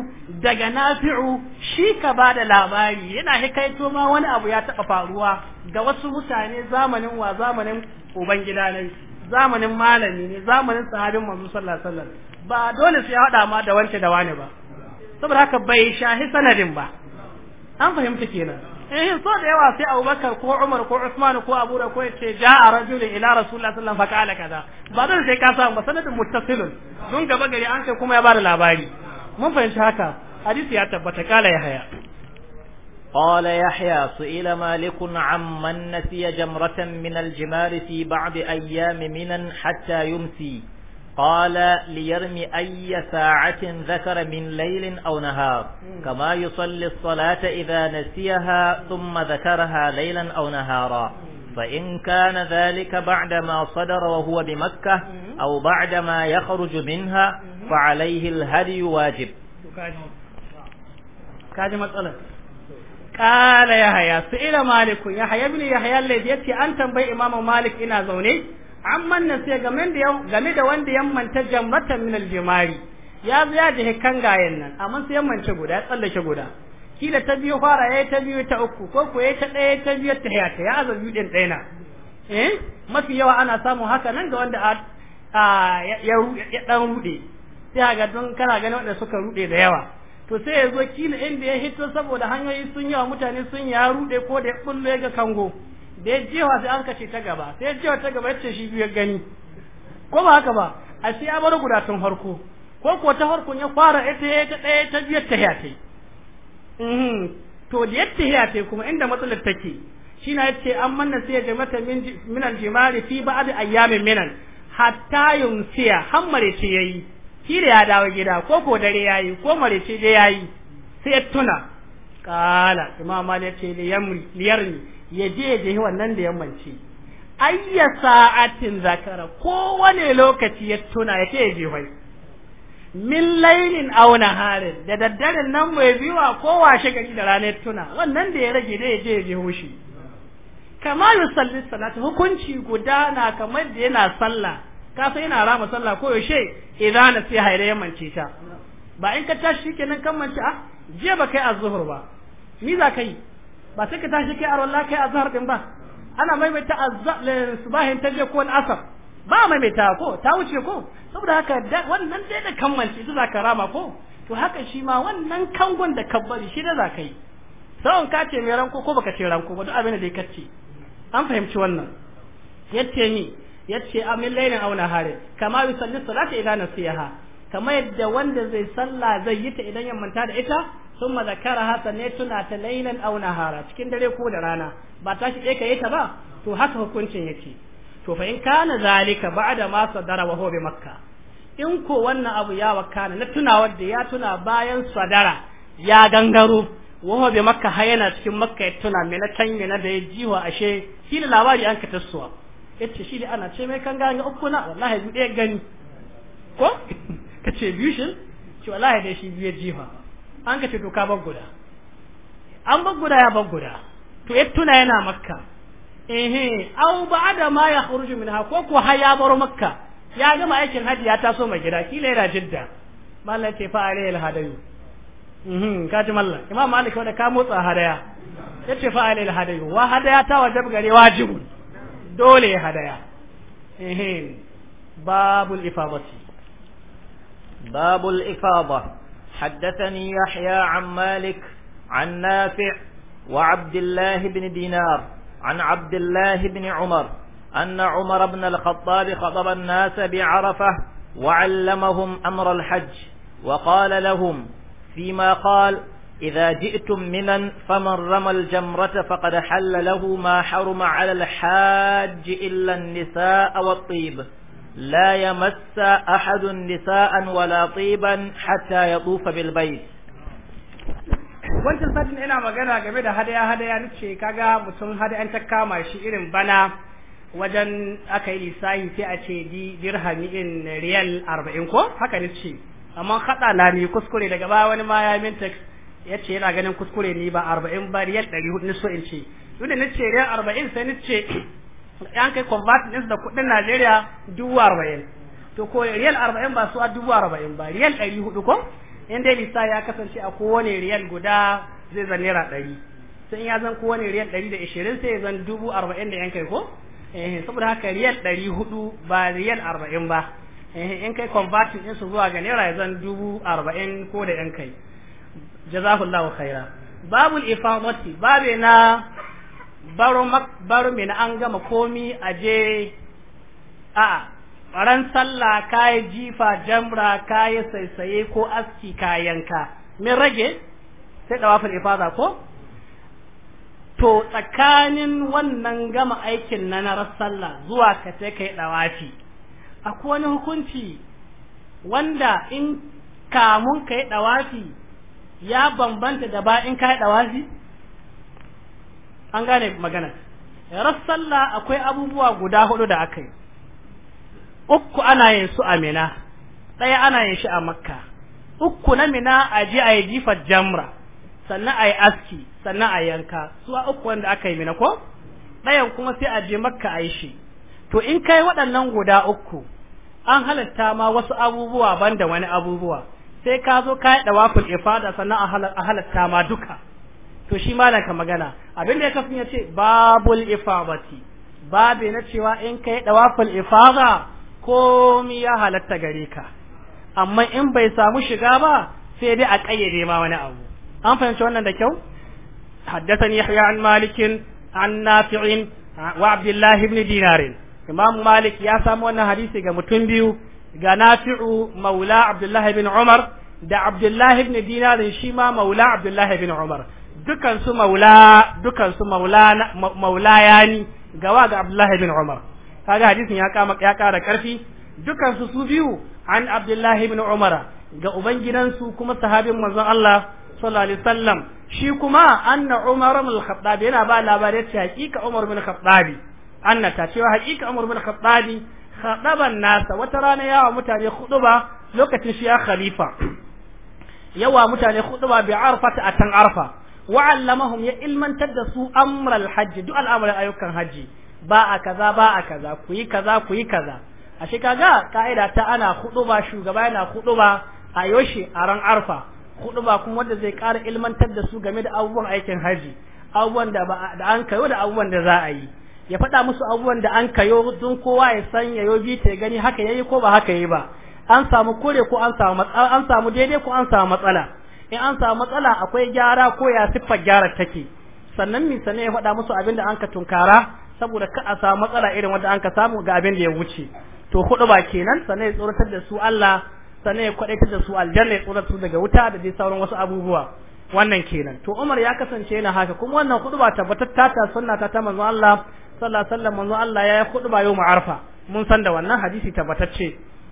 daga nafi'u shi ka ba da labari yana hikaito ma wani abu ya taɓa faruwa ga wasu mutane zamanin wa zamanin ubangida na zamanin malami ne zamanin sahabin manzo sallallahu alaihi wasallam ba dole sai hada ma da wance da wani ba saboda haka bai shahi sanadin ba an fahimta kenan eh so da yawa sai Abubakar ko Umar ko Usman ko Abu da ko yace ja'a rajulun ila rasulullahi sallallahu alaihi wasallam kaza ba dole sai ka samu ba sanadin muttasilun dun gaba gari an kai kuma ya bada labari mun fahimci haka hadisi ya tabbata kala ya haya قال يحيى سئل مالك عمن نسي جمرة من الجمار في بعض أيام منا حتى يمسي قال ليرم أي ساعة ذكر من ليل أو نهار كما يصلي الصلاة إذا نسيها ثم ذكرها ليلا أو نهارا فإن كان ذلك بعدما صدر وهو بمكة أو بعدما يخرج منها فعليه الهدي واجب كاجم مسألة qala su ila malik yahya ibn yahya alladhi yace an tambayi imamu malik ina zaune amman nan sai game da game da wanda yammanta jammatan min aljimari ya zo ya jihe kangayen nan amma sai yammance guda ya tsallake guda kila ta biyu fara yayi ta biyu ta uku ko ko yayi ta ɗaya ta biyu ta hayata ya azabi din ɗaya na eh mafi yawa ana samun haka nan ga wanda a ya dan rude sai ga don kana ganin wanda suka rude da yawa to sai ya zo kila inda ya hito saboda hanyoyi sun yawa mutane sun ya rude ko da ya kullo ya ga kango da ya jewa sai an kace ta gaba sai ya jewa ta gaba ya ce shi biyu gani ko ba haka ba a sai ya bar guda tun farko ko ko ta farkon ya fara ita ya ta ɗaya ta biyar ta hiyata mhm. to da ya ta hiyata kuma inda matsalar take shi na ce an manna sai ya mata minan jimari fi ba'd ayyamin minan hatta yumsiya hammare ce yayi da ya dawo gida ko ko dare yi ko marece ya yi sai ya tuna kala ma malik ce da yamri liyarni ya je je wannan da yammanci ayya sa'atin zakara ko wane lokaci ya tuna ya ce ya je wai min lailin aw naharin da daddaren nan mai biwa ko washe gari da ranar tuna wannan da ya rage da ya je ya je hoshi kama yusalli salatu hukunci gudana kamar da yana sallah ka san yana rama sallah ko yaushe idan sai haire ya ce ta ba in ka tashi nan kan mance ah, a je ba kai azhur ba ni za kai ba sai ka tashi kai arwalla kai azhar din ba ana maimaita subahin ta je ko asar ba maimaita ko ta wuce ko saboda haka wannan dai da kan mance ita za ka rama ko to haka shi ma wannan kangon da kabbari shi da za ka yi sawon ka ce mai ranko ko baka ce ranko ba duk abin da dai kace an fahimci wannan yace ni yace amin lailin aw naharin kama salli salata idan nasiha kama yadda wanda zai salla zai yi ta idan ya da ita thumma hasa ne tuna ta Lainan Auna Hara cikin dare ko da rana ba ta shi ka kai ta ba to haka hukuncin yake to fa in kana zalika ba'da ma sadara wa huwa bi makka in ko wannan abu ya wakana na tunawar da ya tuna bayan sadara ya gangaro wa huwa bi makka har yana cikin makka ya tuna me na can me na da ya jiwa ashe shi labari an ka yace shi ne ana ce mai kan gani uku na wallahi zu ɗaya gani ko ka ce biyu shi ce wallahi dai shi biyu jifa an kace to ka guda an guda ya guda to ya tuna yana makka ehe au ba'da ma ya khuruju minha ko ko har ya baro makka ya gama aikin hajji ya taso mai gida kila yana jidda mallan ke fa al hadayu mhm ka ji mallan imam malik wanda ka motsa hadaya yace fa al hadayu wa hadaya ta wajib gare wajibun دولي هدايا اهين باب الإفاضة باب الإفاضة حدثني يحيى عن مالك عن نافع وعبد الله بن دينار عن عبد الله بن عمر أن عمر بن الخطاب خطب الناس بعرفة وعلمهم أمر الحج وقال لهم فيما قال إذا جئتم منا فمن رمى الجمرة فقد حل له ما حرم على الحاج إلا النساء والطيب لا يمس أحد نساء ولا طيبا حتى يطوف بالبيت wancan satin ina magana game da hadaya-hadaya na ce kaga mutum hadayan ta kama shi irin bana wajen aka yi lissahi sai a ce dirhami in riyal arba'in ko haka ne ce amma haɗa na ni kuskure daga baya wani ma ya min text ce yana ganin kuskure ni ba arba'in ba riyal hudu ni so in ce duk da ce riyal arba'in sai ce yan kai convert din da kuɗin Najeriya dubu arba'in to ko riyal arba'in ba su a dubu arba'in ba riyal hudu ko in dai lisa ya kasance a kowane riyal guda zai zan naira ɗari sai ya zan kowane riyal ashirin sai zan dubu arba'in da kai ko eh saboda haka riyal hudu ba riyal arba'in ba eh in kai converting din su zuwa ga naira zan dubu arba'in ko da kai jazahullahu khaira babul ifamati babe na baro baro min an gama komi aje a ran sallah kai jifa jamra kai saisaye ko aski kayanka min rage sai dawaful ifada ko to tsakanin wannan gama aikin na na sallah zuwa ka sai kai dawafi akwai wani hukunci wanda in kamun kai dawafi ya bambanta da ba in kai dawazi an gane magana ras sallah akwai abubuwa guda hudu da aka yi uku ana yin su a mina ɗaya ana yin shi a makka uku na mina a je a yi jifar jamra sannan a yi aski sannan a yanka su uku wanda aka yi mina ko ɗayan kuma sai a je makka a yi shi to in kai waɗannan guda uku an halatta ma wasu abubuwa ban da wani abubuwa sai ka zo ka yi dawaful ifada sannan a halatta ma duka to shi malam ka magana abin da ya kafin ya ce babul ifabati babe na cewa in ka yi dawaful ifada komi ya halatta gare ka amma in bai samu shiga ba sai dai a kayyade ma wani abu an fahimci wannan da kyau Yahya an malikin an nafi'in wa Abdullahi ibn Dinarin Imam Malik ya samu wannan hadisi ga mutum biyu. ga nafi'u maula abdullahi bin umar da abdullahi bin dinarin shi ma maula abdullahi bin umar dukansu maula dukansu maula maula yani gawa ga abdullahi bin umar kaga hadisin ya kama ya kara karfi dukansu su biyu an abdullahi bin umara ga ubangidansu kuma sahabin manzon Allah sallallahu alaihi wasallam shi kuma anna umar bin al-khattab yana ba labarai ta hakika umar bin al-khattab anna ta cewa hakika umar bin al-khattab khadaban nasa wata rana yawa mutane khuduba lokacin shi ya khalifa yawa mutane khuduba bi arfata atan arfa wa allamahum ya ilmantar da su amral hajji duk al'amuran ayyukan hajji ba a kaza ba a kaza ku yi kaza ku yi kaza a shi kaga ka'ida ta ana khuduba shugaba yana khuduba a yoshi a ran arfa khuduba kuma wanda zai kara ilmantar da su game da abubuwan aikin hajji abubuwan da an kayo da abubuwan da za a yi ya faɗa musu abubuwan da an kayo don kowa ya san ya yi bi ta gani haka yayi ko ba haka yayi ba an samu kore ko an samu matsala an samu daidai ko an samu matsala in an samu matsala akwai gyara ko ya siffar gyara take sannan mi sanai ya faɗa musu abin da an ka tunkara saboda ka a samu matsala irin wanda an ka samu ga abin da ya wuce to hudu ba kenan sanai ya tsoratar da su Allah sanai ya kwadaitar da su aljanna ya tsoratar su daga wuta da dai sauran wasu abubuwa wannan kenan to Umar ya kasance yana haka kuma wannan hudu ba tabbatar ta sunna ta ta manzon Allah sallallahu alaihi wasallam manzo Allah ya kudu ba yau ma'arfa mun san da wannan hadisi tabbatacce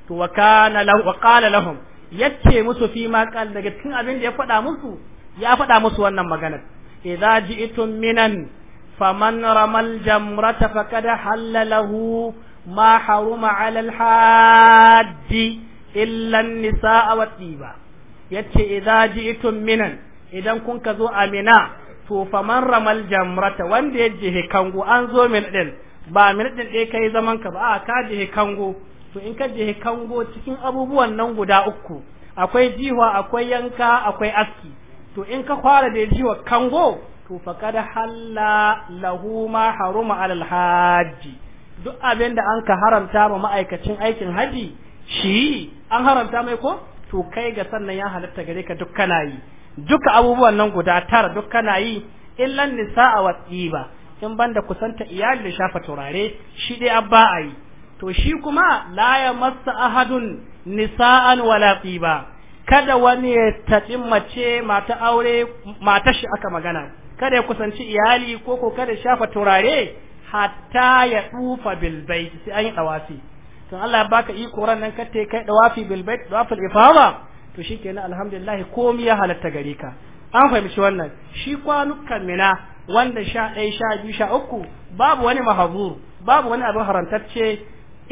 to wa kana lahu wa qala lahum yace musu fi ma qal daga cikin abin da ya faɗa musu ya faɗa musu wannan magana idza ji'tum minan faman ramal jamrata faqad halalahu ma haruma 'ala al illa an-nisaa wa tiba yace idza ji'tum minan idan kun ka zo amina to man ramal jamrata wanda ya jihe kango an zo min din ba min din dai kai zaman ka ba a ka jihe kango to in ka jihe kango cikin abubuwan nan guda uku akwai jiwa akwai yanka akwai aski to in ka fara da jiwa kango to kad halla lahu ma haruma alal haji duk abin da an ka haramta ma ma'aikacin aikin haji shi an haramta mai ko to kai ga sannan ya halatta gare ka duk kana yi duka abubuwan nan guda tara duk kana yi illan nisa'a wa tsiba in banda kusanta iyali da shafa turare shi dai abba a yi to shi kuma la ya masa ahadun nisa'an wala tsiba kada wani ya taɓi mace mata aure mata shi aka magana kada ya kusanci iyali ko ko kada shafa turare hatta ya tsufa bilbai sai an yi ɗawafi to Allah ya baka iko ran nan ta kai ɗawafi bilbai ɗawafin ifama to shikenan alhamdulillah komai ya halatta gare ka an fahimci wannan shi kwanukan mina wanda sha ɗaya sha biyu sha uku babu wani mahazuru babu wani abin haramtacce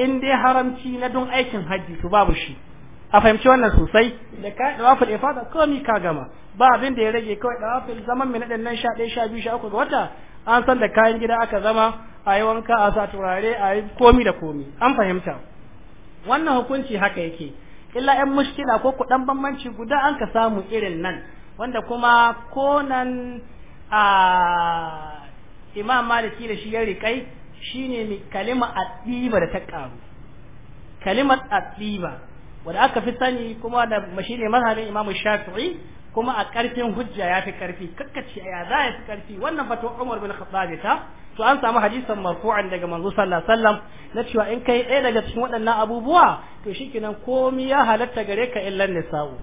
in dai haramci na don aikin hajji to babu shi a fahimci wannan sosai da ka da wafil ifada komai ka gama ba abin da ya rage kawai da wafil zaman mina ɗin nan sha ɗaya sha biyu sha uku ga wata an san da kayan gida aka zama a yi wanka a sa turare a yi komi da komi an fahimta wannan hukunci haka yake illa yan mushkila ko ku ɗan bambanci guda an ka samu irin nan wanda kuma ko nan a imam maliki da shi ya riƙai shi ne kalima addiba da ta ƙaru kalimar addiba wanda aka fi sani kuma da ne mazhabin imam shafi'i kuma a karfin hujja ya fi karfi kakkace ya za ya fi karfi wannan fata Umar bin Khattab ta to an samu hadisan marfu'an daga manzo sallallahu alaihi wasallam na cewa in kai ɗaya daga cikin waɗannan abubuwa to shikenan komai ya halatta gare ka illan nisa'u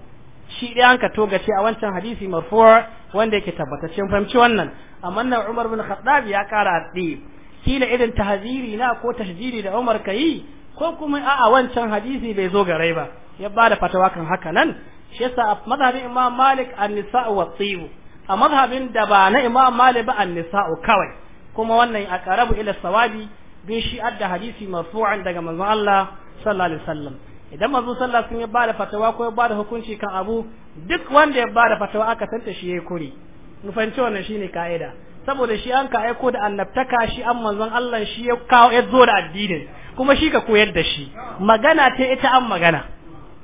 shi dai an ka toga a wancan hadisi marfu' wanda yake tabbataccen fahimci wannan amma nan Umar bin Khattab ya kara ɗi kila irin tahziri na ko tashjiri da Umar kai ko kuma a'a wancan hadisi bai zo gare ba ya bada fatawa kan haka nan shi yasa mazhabin imam malik an-nisa'u wat-tib a mazhabin da ba na imam malik ba an-nisa'u kawai kuma wannan aqrabu ila sawabi bin shi adda hadisi marfu'an daga manzon Allah sallallahu alaihi wasallam idan manzo sallallahu alaihi wasallam ya bada fatawa ko ya bada hukunci kan abu duk wanda ya bada fatawa aka tanta shi yayi kuri mu fahimci wannan shine kaida saboda shi an ka aiko da annabtaka shi an manzon Allah shi ya kawo ya zo da addinin kuma shi ka koyar da shi magana ta ita an magana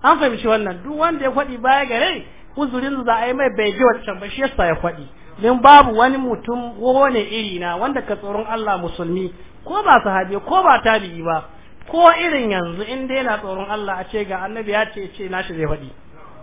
an fahimci wannan duk wanda ya faɗi baya gare uzurin za a yi mai bai ji wancan ba shi yasa ya faɗi don babu wani mutum wani iri na wanda ka tsoron Allah musulmi ko ba sahabi ko ba tabi'i ba ko irin yanzu in dai yana tsoron Allah a ce ga annabi ya ce ce nashi zai faɗi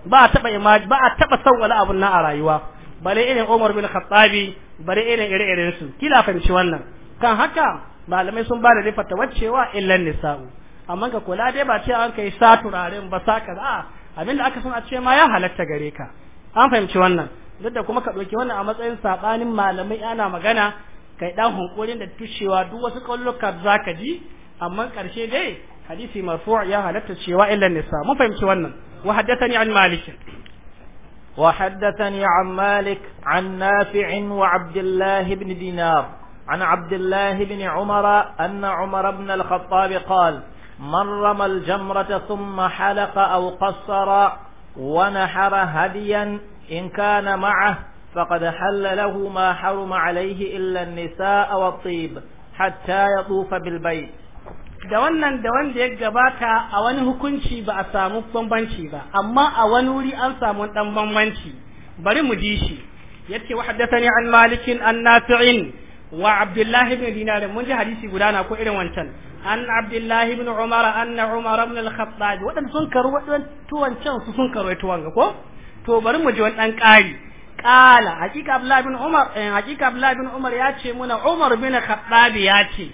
ba a taɓa imaji ba a taɓa son wani abun na a rayuwa bare irin Umar bin Khattabi bare irin ire-iren kila fahimci wannan kan haka malamai sun ba da rifata wacewa illan nisa'u amma ka kula dai ba ce an kai sa turaren ba sa kaza a abinda aka san a ce ma ya halatta gare ka an fahimci wannan duk da kuma ka ɗauki wannan a matsayin saɓanin malamai ana magana kai ɗan hunkurin da tushewa duk wasu ƙwalluka za ka ji amma ƙarshe dai hadisi marfu' ya halatta cewa illan nisa mun fahimci wannan wa haddathani an malik وحدثني عن malik عن نافع wa الله بن دينار عن عبد الله بن عمر أن عمر بن الخطاب قال من رمى الجمرة ثم حلق أو قصر ونحر هديا إن كان معه فقد حل له ما حرم عليه إلا النساء والطيب حتى يطوف بالبيت da wannan da wanda ya gabata a wani hukunci ba a samu bambanci ba amma a wani wuri an samu dan bambanci bari mu dishi shi yace wa haddathani an malikin an nafi'in wa abdullahi ibn dinar mun ji hadisi gudana ko irin wancan an abdullahi ibn umar anna umar ibn al-khattab wadan sun karu wadan tuwancan su sun karu tuwanga ko to bari mu ji wani dan kari qala hakika abdullahi ibn umar eh hakika abdullahi ibn umar ya ce muna umar ibn al-khattab ya ce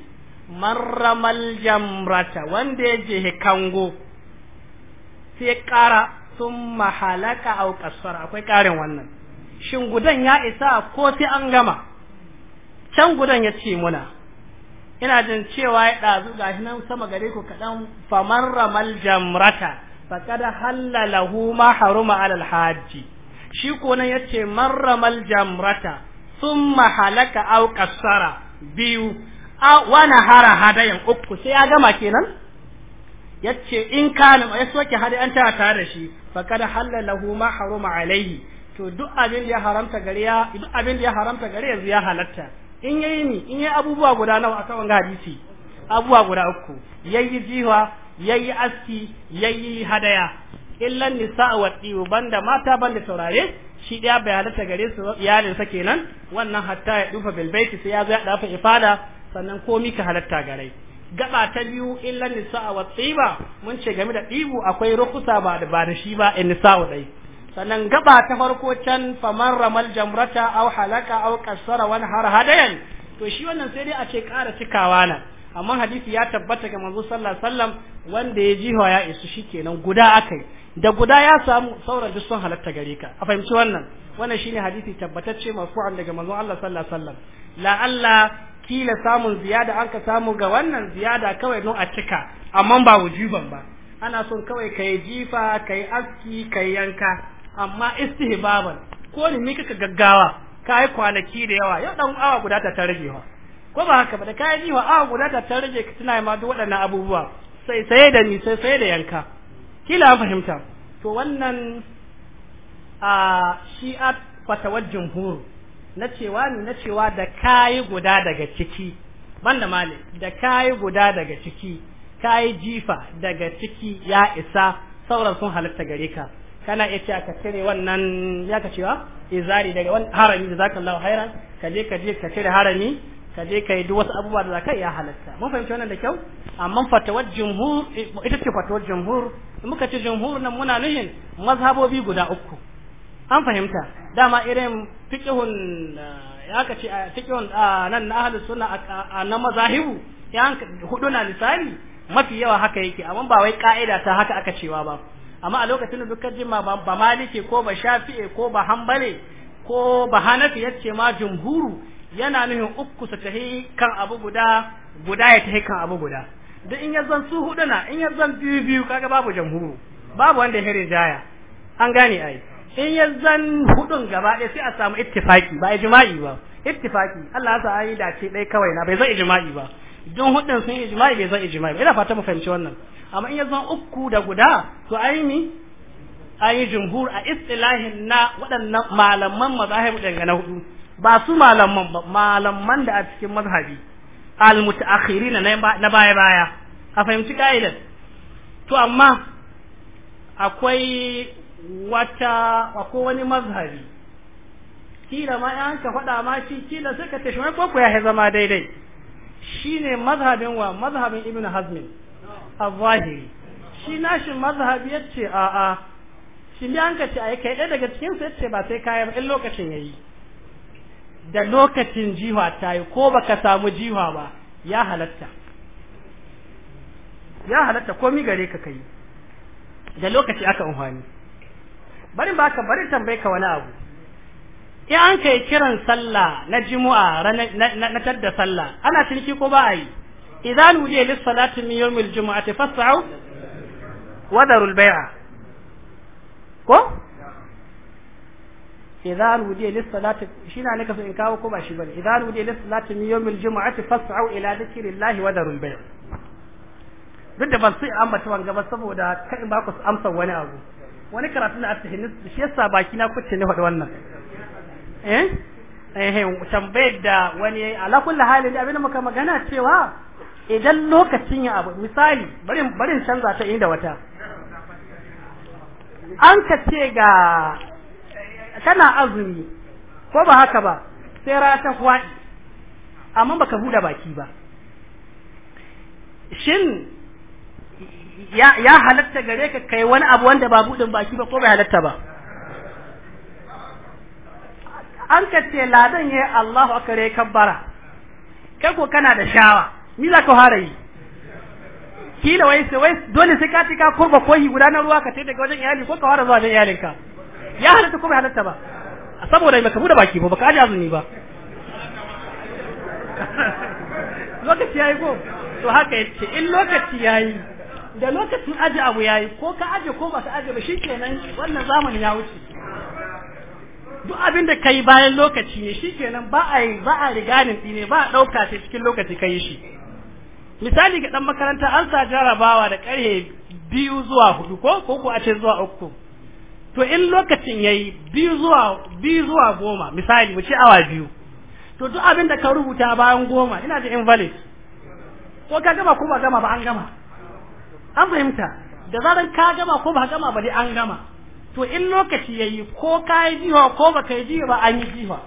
marramal jamrata wanda ya je kango sai kara sun mahalaka au qasara akwai karin wannan shin gudan ya isa ko sai an gama can gudan ya ce muna ina jin cewa ya ɗazu ga shi nan sama gare ku kaɗan famar ramal jamrata faƙad hu ma haruma alal hajji shi ko nan ya ce man ramal jamrata ma halaka au kassara biyu wa hara hadayan uku sai ya gama kenan Ya ce in kana ya soke hada an tara tare da shi faqad hu ma haruma alaihi to duk abin da ya haramta gari ya duk yanzu ya halatta in yayi ni in yayi abubuwa guda nawa aka wanga hadisi abubuwa guda uku yayi jiwa yayi aski yayi hadaya illan nisa wa tiyu banda mata banda saurare shi da bai halatta gare su sa kenan wannan hatta ya dufa bil baiti sai ya zo ya dafa ifada sannan komi ka halatta gare gaba ta biyu illan nisa wa tiba mun ce game da dibu akwai rukusa ba da ba da shi ba in wa dai sannan gaba ta farko can faman ramal jamrata au halaka au kassara wani har hadayan to shi wannan sai dai a ce ƙara cikawa na amma hadisi ya tabbata ga manzo sallallahu wanda ya jiwa ya isu shikenan guda akai da guda ya samu sauran duk sun halatta gare ka a fahimci wannan wannan shine hadisi tabbatacce marfu'an daga manzo Allah sallallahu alaihi la Allah kila samun ziyada an ka samu ga wannan ziyada kawai don a cika amma ba wujuban ba ana son kawai kai jifa kai aski kai yanka amma istihbaban ko ne mika ka gaggawa kai kwanaki da yawa yau dan awa guda ta rage ko ba haka ba da kai jiwa awa guda ta rage ka tana ma duk waɗannan abubuwa sai sai da ni sai sai da yanka kila an fahimta to wannan a shi'at fatawar jumhur na cewa ni na cewa da kayi guda daga ciki banda mali da kayi guda daga ciki kayi jifa daga ciki ya isa sauran sun halitta gare ka kana iya cewa ka cire wannan ya ka cewa izari daga wani harami da zaka Allah hairan ka je ka je ka cire harami ka je ka yi duk wasu abubuwa da zaka iya halatta mun fahimci wannan da kyau amma fatawar jumhur ita ce fatawar jumhur muka ce jumhur nan muna nuhin mazhabobi guda uku an fahimta dama irin fiqhun eh, ya ka ce eh, fiqhun eh, nan na ahlus sunna na mazahibu ya hudu na lisani mafi yawa haka yake amma ba wai ka'ida ta haka aka cewa ba amma a lokacin da dukkan jima ba maliki ko ba shafi'e ko ba hambale ko ba hanafi ce ma jumhuru yana nuhin uku su tahi kan abu guda guda ya tahi kan abu guda duk in yazan su hudu na in yazan biyu biyu kaga babu jumhuru babu wanda ya rijaya an gane ai in yazan hudun gaba ɗaya sai a samu ittifaki ba ijma'i ba ittifaki Allah ya sa da dace dai kawai na bai zan ijma'i ba don hudun sun jima'i bai zan ijma'i ina fata mu fahimci wannan amma in ya zan uku da guda to yi ni yi jumhur a istilahin na waɗannan malaman mazahib na hudu ba su malaman ba malaman da a cikin mazhabi al mutaakhirina na baya baya a fahimci ka'idar to amma akwai wata akwai wani mazhabi kila ma yanka ka faɗa ma shi kila sai ka tashi ko ku ya zama daidai shine mazhabin wa mazhabin ibn hazmin a zahiri shi nashin mazhabi yace a a shi ne an kace yi kai daga cikin su yace ba sai kayan in lokacin ya yi. da lokacin jiwa yi ko baka samu jiwa ba ya halatta ya halatta komi gare ka kai da lokaci aka umfani bari baka bari tambaye ka wani abu in an kai kiran sallah na jimu'a na tadda sallah ana ciniki ko ba a yi idan wuje lis salati min yawmil jumu'ati fas'au wa darul bai'a ko idan wuje lis salati shina ne kafin in kawo ko ba shi bane idan wuje lis salati min yawmil jumu'ati fas'au ila dhikrillahi wadarul bai'a duk da ban sai ambata wanga ba saboda kai ba ku amsa wani abu wani karatu na at-tahnis shi yasa baki na kuce ne faɗi wannan eh eh tambayar da wani yayi ala kulli hali da abin muka magana cewa idan lokacin ya abu misali bari bari canza ta inda wata an ka ce ga kana azumi ko ba haka ba sai ra ta kwaɗi amma baka buɗe baki ba shin ya halatta gare ka kai wani abu wanda ba budin baki ba ko bai halatta ba an ka ce ladan yi Allahu akbar ya kabbara kai ko kana da shawa ni za ka fara yi ki da wai sai wai dole sai ka tika kurba koyi guda na ruwa ka ce daga wajen iyali ko ka fara zuwa wajen iyalinka ya halatta ko bai halatta ba saboda baka bude baki ba baka aji azumi ba lokaci yayi ko to haka yace in lokaci yayi da lokacin aji abu yayi ko ka aje ko ba ka aje ba shikenan wannan zamani ya wuce duk abin da kai bayan lokaci ne shikenan ba a ba a riganin ne ba a ɗauka sai cikin lokaci kai shi misali ga ɗan makaranta an sa jarabawa da karhe biyu zuwa hudu ko ko ko a ce zuwa uku to in lokacin ya biyu zuwa biyu zuwa goma misali mu ce awa biyu to duk abin da ka rubuta bayan goma ina da invalid ko ka gama ko ba gama ba an gama an fahimta da zaran ka gama ko ba gama ba dai an gama to in lokaci ya yi ko ka yi jiwa ko ba ka yi jiwa ba an yi jiwa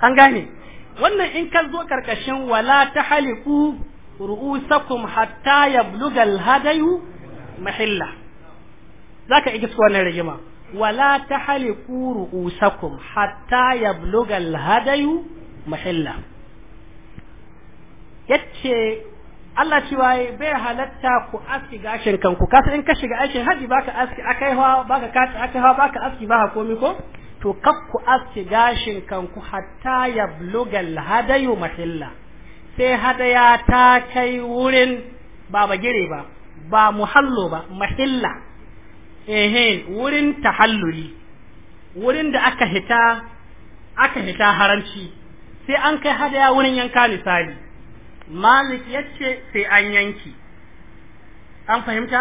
an gane wannan in ka zo karkashin wala ta haliku ru'usakum hatta ya blugal hadayu mahilla za ka iya nan rigima wala ta haliku ru'usakum hatta ya blugal hadayu mahilla yace Allah waye bai halatta ku aski gashin kanku kasa in ka shiga aikin haji baka aski akai hawa baka kaci akai hawa baka aski ba komi ko to kaf ku aski gashin kanku hatta ya blogal hadayu mahilla sai hadaya ta kai wurin ba bagire ba ba muhallo ba mahilla ehe wurin tahalluli wurin da aka hita aka hita haranci sai an kai hadaya wurin yanka misali malik ya ce sai an yanki an fahimta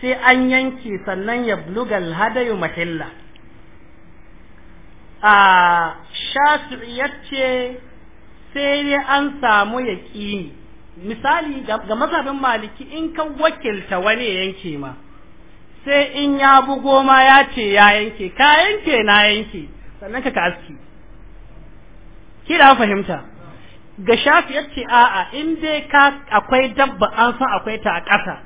sai an yanki sannan ya blugal hadayu mahilla a ya ce sai dai an samu yaqini misali ga mazabin maliki in ka wakilta wani yanke ma sai in ya bugo ma ya ce ya yanke ka yanke na yanke sannan ka ka aski kira fahimta ga shafi ya ce a'a in dai ka akwai dabba an san akwai ta a ƙasa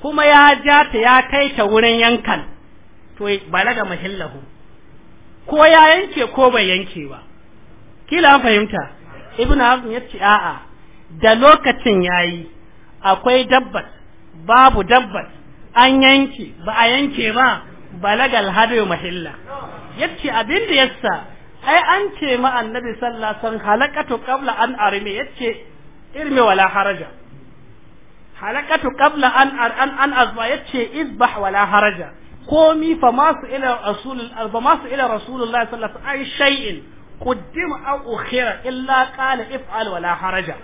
kuma ya ja ta ya kai ta wurin yankan to balaga mahillahu ko ya yanke ko bai yanke ba kila an fahimta ibnu hazm ya ce a'a da lokacin yayi akwai dabba babu dabba an yanke ba a yanke ba balagal hadu mahilla yace abin da yasa ai an ce ma annabi sallallahu alaihi wasallam halakatu qabla an arme yace irme wala haraja halakatu qabla an an an azwa yace izbah wala haraja komi fa masu ila rasul fa masu ila rasulullahi sallallahu alaihi wasallam ai shay'in qaddima aw ukhira illa qala if'al wala haraja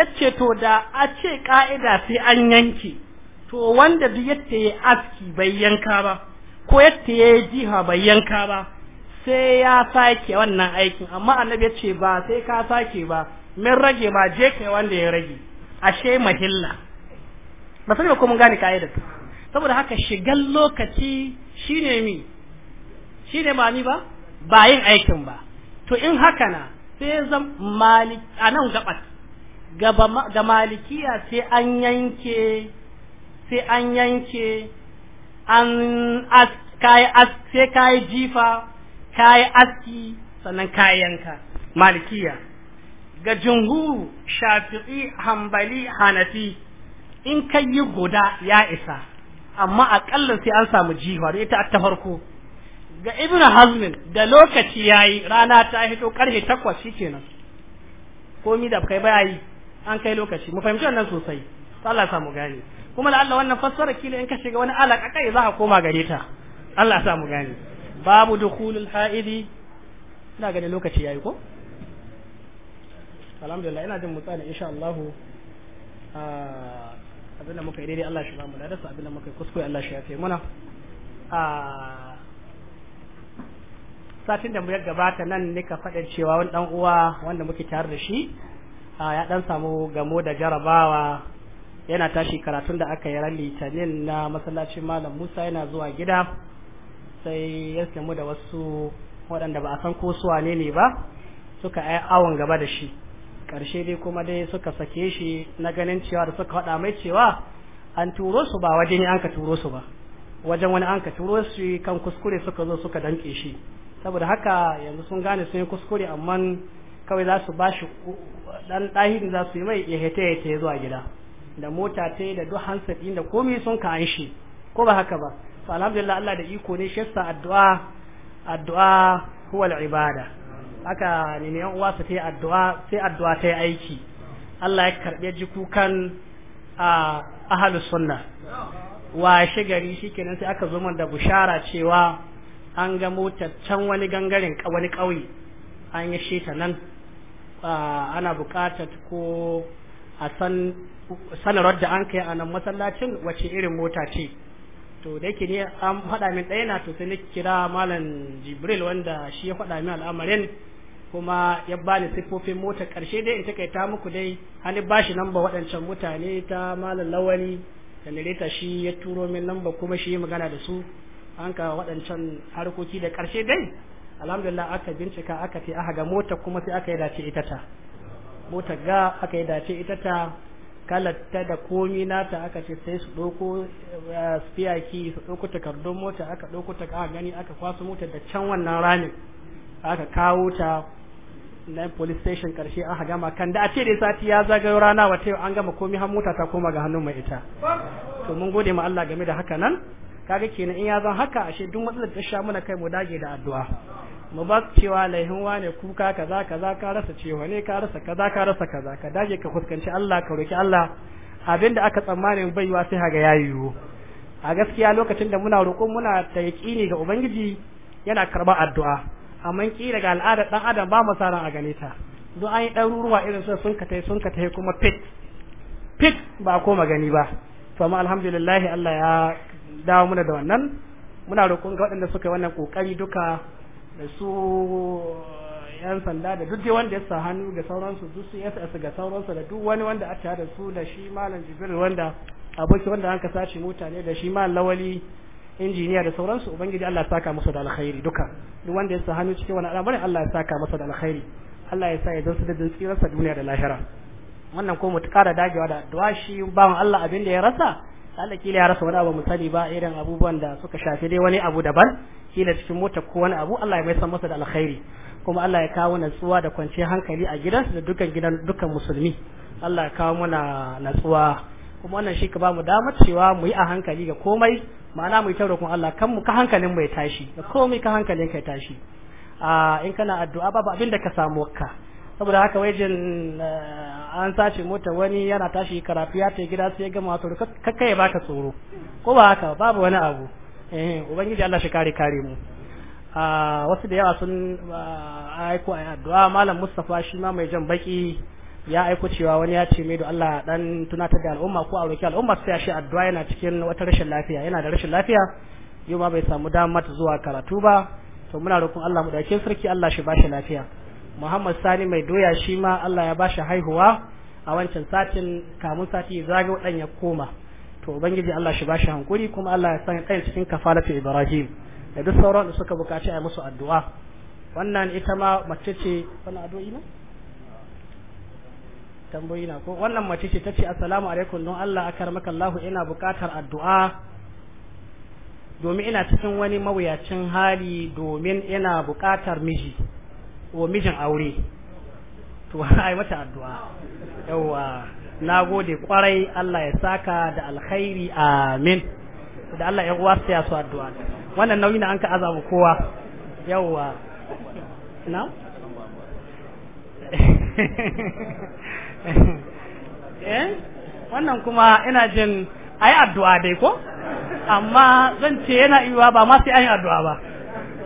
yace to da a ce ka'ida sai an yanke to wanda duk yatta ya aski bai yanka ba ko yatta ya jiha bai yanka ba sai ya sake wannan aikin amma annabi ya ce ba sai ka sake ba min rage ma je kai wanda ya rage ashe mahilla ba sai ko mun gane ta saboda haka shigan lokaci shine mi shine ba ni ba ba yin aikin ba to in haka na sai zan malik anan gabat ga malikiya sai an yanke sai an yanke an as kai as sai kai jifa kayi aski sannan kayanka malikiya ga jumhuru shafi'i hambali hanafi in ka yi guda ya isa amma aƙalla sai an samu jiwa da ita ta farko ga ibn hazmin da lokaci ya yi rana ta hito ƙarfe takwas shi kenan komi da kai baya yi an kai lokaci mu fahimci wannan sosai Allah samu gane kuma da Allah wannan fassara kila in ka shiga wani alaƙa za ka koma gare ta Allah samu gane babu dukhulul ha'idi ina ganin lokaci yayi ko alhamdulillah ina jin mutsani insha Allah ah, abinda muka yi daidai Allah shi ba mu da rasa abinda muka yi kuskure Allah shi ya fi muna a ah, satin da mu ya gabata nan ka faɗin cewa wani ɗan uwa wanda muke tare da shi ah, ya ɗan samu gamo da jarabawa yana tashi karatun da aka yi ran litinin na masallacin malam Musa yana zuwa gida sai ya samu da wasu waɗanda ba a san ko su wane ne ba suka yi awon gaba da shi ƙarshe dai kuma dai suka sake shi na ganin cewa da suka haɗa mai cewa an turo su ba wajen ne an ka turo su ba wajen wani an ka turo su kan kuskure suka zo suka danƙe shi saboda haka yanzu sun gane sun yi kuskure amma kawai za su ba shi ɗan ɗahin za su yi mai ya hete ya zuwa gida da mota ta yi da duk hansa da komai sun ka an shi ko ba haka ba so alhamdulillah Allah da iko ne shi addu'a addu'a huwa al-ibada haka ne yan uwa su ta addu'a sai addu'a ta yi aiki Allah ya karbe jikukan a ahlus sunna wa shigari kenan sai aka zo da bushara cewa an ga motar can wani gangaren wani ƙauye an yi shi nan ana buƙatar ko a san sanarwar da an kai a nan masallacin wace irin mota ce to da yake ne an faɗa min ɗaya na to sai na kira malam jibril wanda shi ya faɗa min al'amarin kuma ya bani siffofin mota ƙarshe dai in takaita muku dai ba bashi lamba waɗancan mutane ta malam Lawani. janareta shi ya turo min lamba kuma shi magana da su an ka waɗancan harkoki da ƙarshe dai alhamdulillah aka bincika aka ce aka ga mota kuma sai aka yi dace ita ta motar ga aka yi dace ita ta kalatta da komi nata aka ce sai su ɗauko eh, spiyaki su ɗauko takardun mota aka ɗauko ta aka gani aka kwaso mota da can wannan ramin aka kawo ta na police station karshe an gama kan da a ce dai sati ya zagayo rana wata yau an gama komi har mota ta koma ga hannun mai ita to mun gode ma Allah game da haka nan kaga kenan in ya zan haka ashe duk matsalar ta sha mana kai mu dage da addu'a mu ba cewa laihin wane kuka kaza kaza ka rasa cewa ne ka rasa kaza ka rasa kaza ka dage ka fuskanci Allah ka roki Allah abinda aka tsammanin baiwa sai haga yayiwo a gaskiya lokacin da muna roƙon muna ta yaƙini ga ubangiji yana karba addu'a amma ki daga al'adar dan adam ba mu a gane ta zo an yi ɗaruruwa irin su sun ka tai sun ka tai kuma fit fit ba ko magani ba to amma alhamdulillah Allah ya dawo muna da wannan muna roƙon ga waɗanda suka yi wannan kokari duka da su eh, yan sanda da duk wanda ya sa hannu da sauransu duk su yasa ga sauransu da duk wani wanda a tare da su da shi malam Jibril wanda aboki wanda an ka sace mutane da shi malam Lawali injiniya da sauransu ubangiji Allah ya saka masa da alkhairi duka duk wanda ya sa hannu cikin wani al'amari Allah ya saka masa da alkhairi Allah ya sa ya zan sadadin sa duniya da lahira wannan ko mu kara dagewa da addu'a shi bawan Allah abin da ya rasa Allah kila ya rasa wani abu sani ba irin abubuwan da suka shafi dai wani abu daban kila cikin mota ko wani abu Allah ya mai san masa da alkhairi kuma Allah ya kawo natsuwa da kwanciyar hankali a gidansa da dukan gidan dukan musulmi Allah ya kawo mana natsuwa kuma wannan shi ka ba mu damar cewa mu yi a hankali ga komai ma'ana mu yi ta roƙon Allah kan mu ka hankalin mu ya tashi ga komai ka hankalin ka ya tashi a ah, in kana addu'a babu abin da ka samu ka saboda haka wajen eh, an sace mota wani yana tashi karafi ya tai gida sai ya gama wato kakkai ya baka tsoro ko ba haka babu wani abu eh ubangiji Allah shi kare kare mu a ah, wasu da yawa sun ah, aiko a addu'a malam Mustafa shi ma mai jan baki ya aiko cewa wani ya ce mai da Allah dan tunatar da al'umma ko a roki al'umma sai ya shi addu'a yana cikin wata rashin lafiya yana da rashin lafiya yau ma bai samu damar zuwa karatu ba to muna roƙon Allah mu dauke sarki Allah shi ba shi lafiya Muhammad Sani mai doya shi ma Allah ya ba shi haihuwa a wancan satin kamun sati zage waɗan ya koma to ubangiji Allah shi ba shi hankuri kuma Allah ya san kai cikin kafalatu Ibrahim da duk sauran da suka bukaci a musu addu'a wannan ita ma mace ce wannan addu'o'i ne tambayi na ko wannan mace ce tace assalamu alaikum don Allah akarmaka Allah ina bukatar addu'a domin ina cikin wani mawuyacin hali domin ina buƙatar miji wa mijin aure to ai mata addu'a yawa nagode kwarai Allah ya saka da alkhairi amin da Allah ya kwarta ya su addu'a wannan nauyi na an ka azabu kowa yawa na eh wannan kuma ina jin ai addu'a dai ko amma zan ce yana yiwa ba ma sai an yi addu'a ba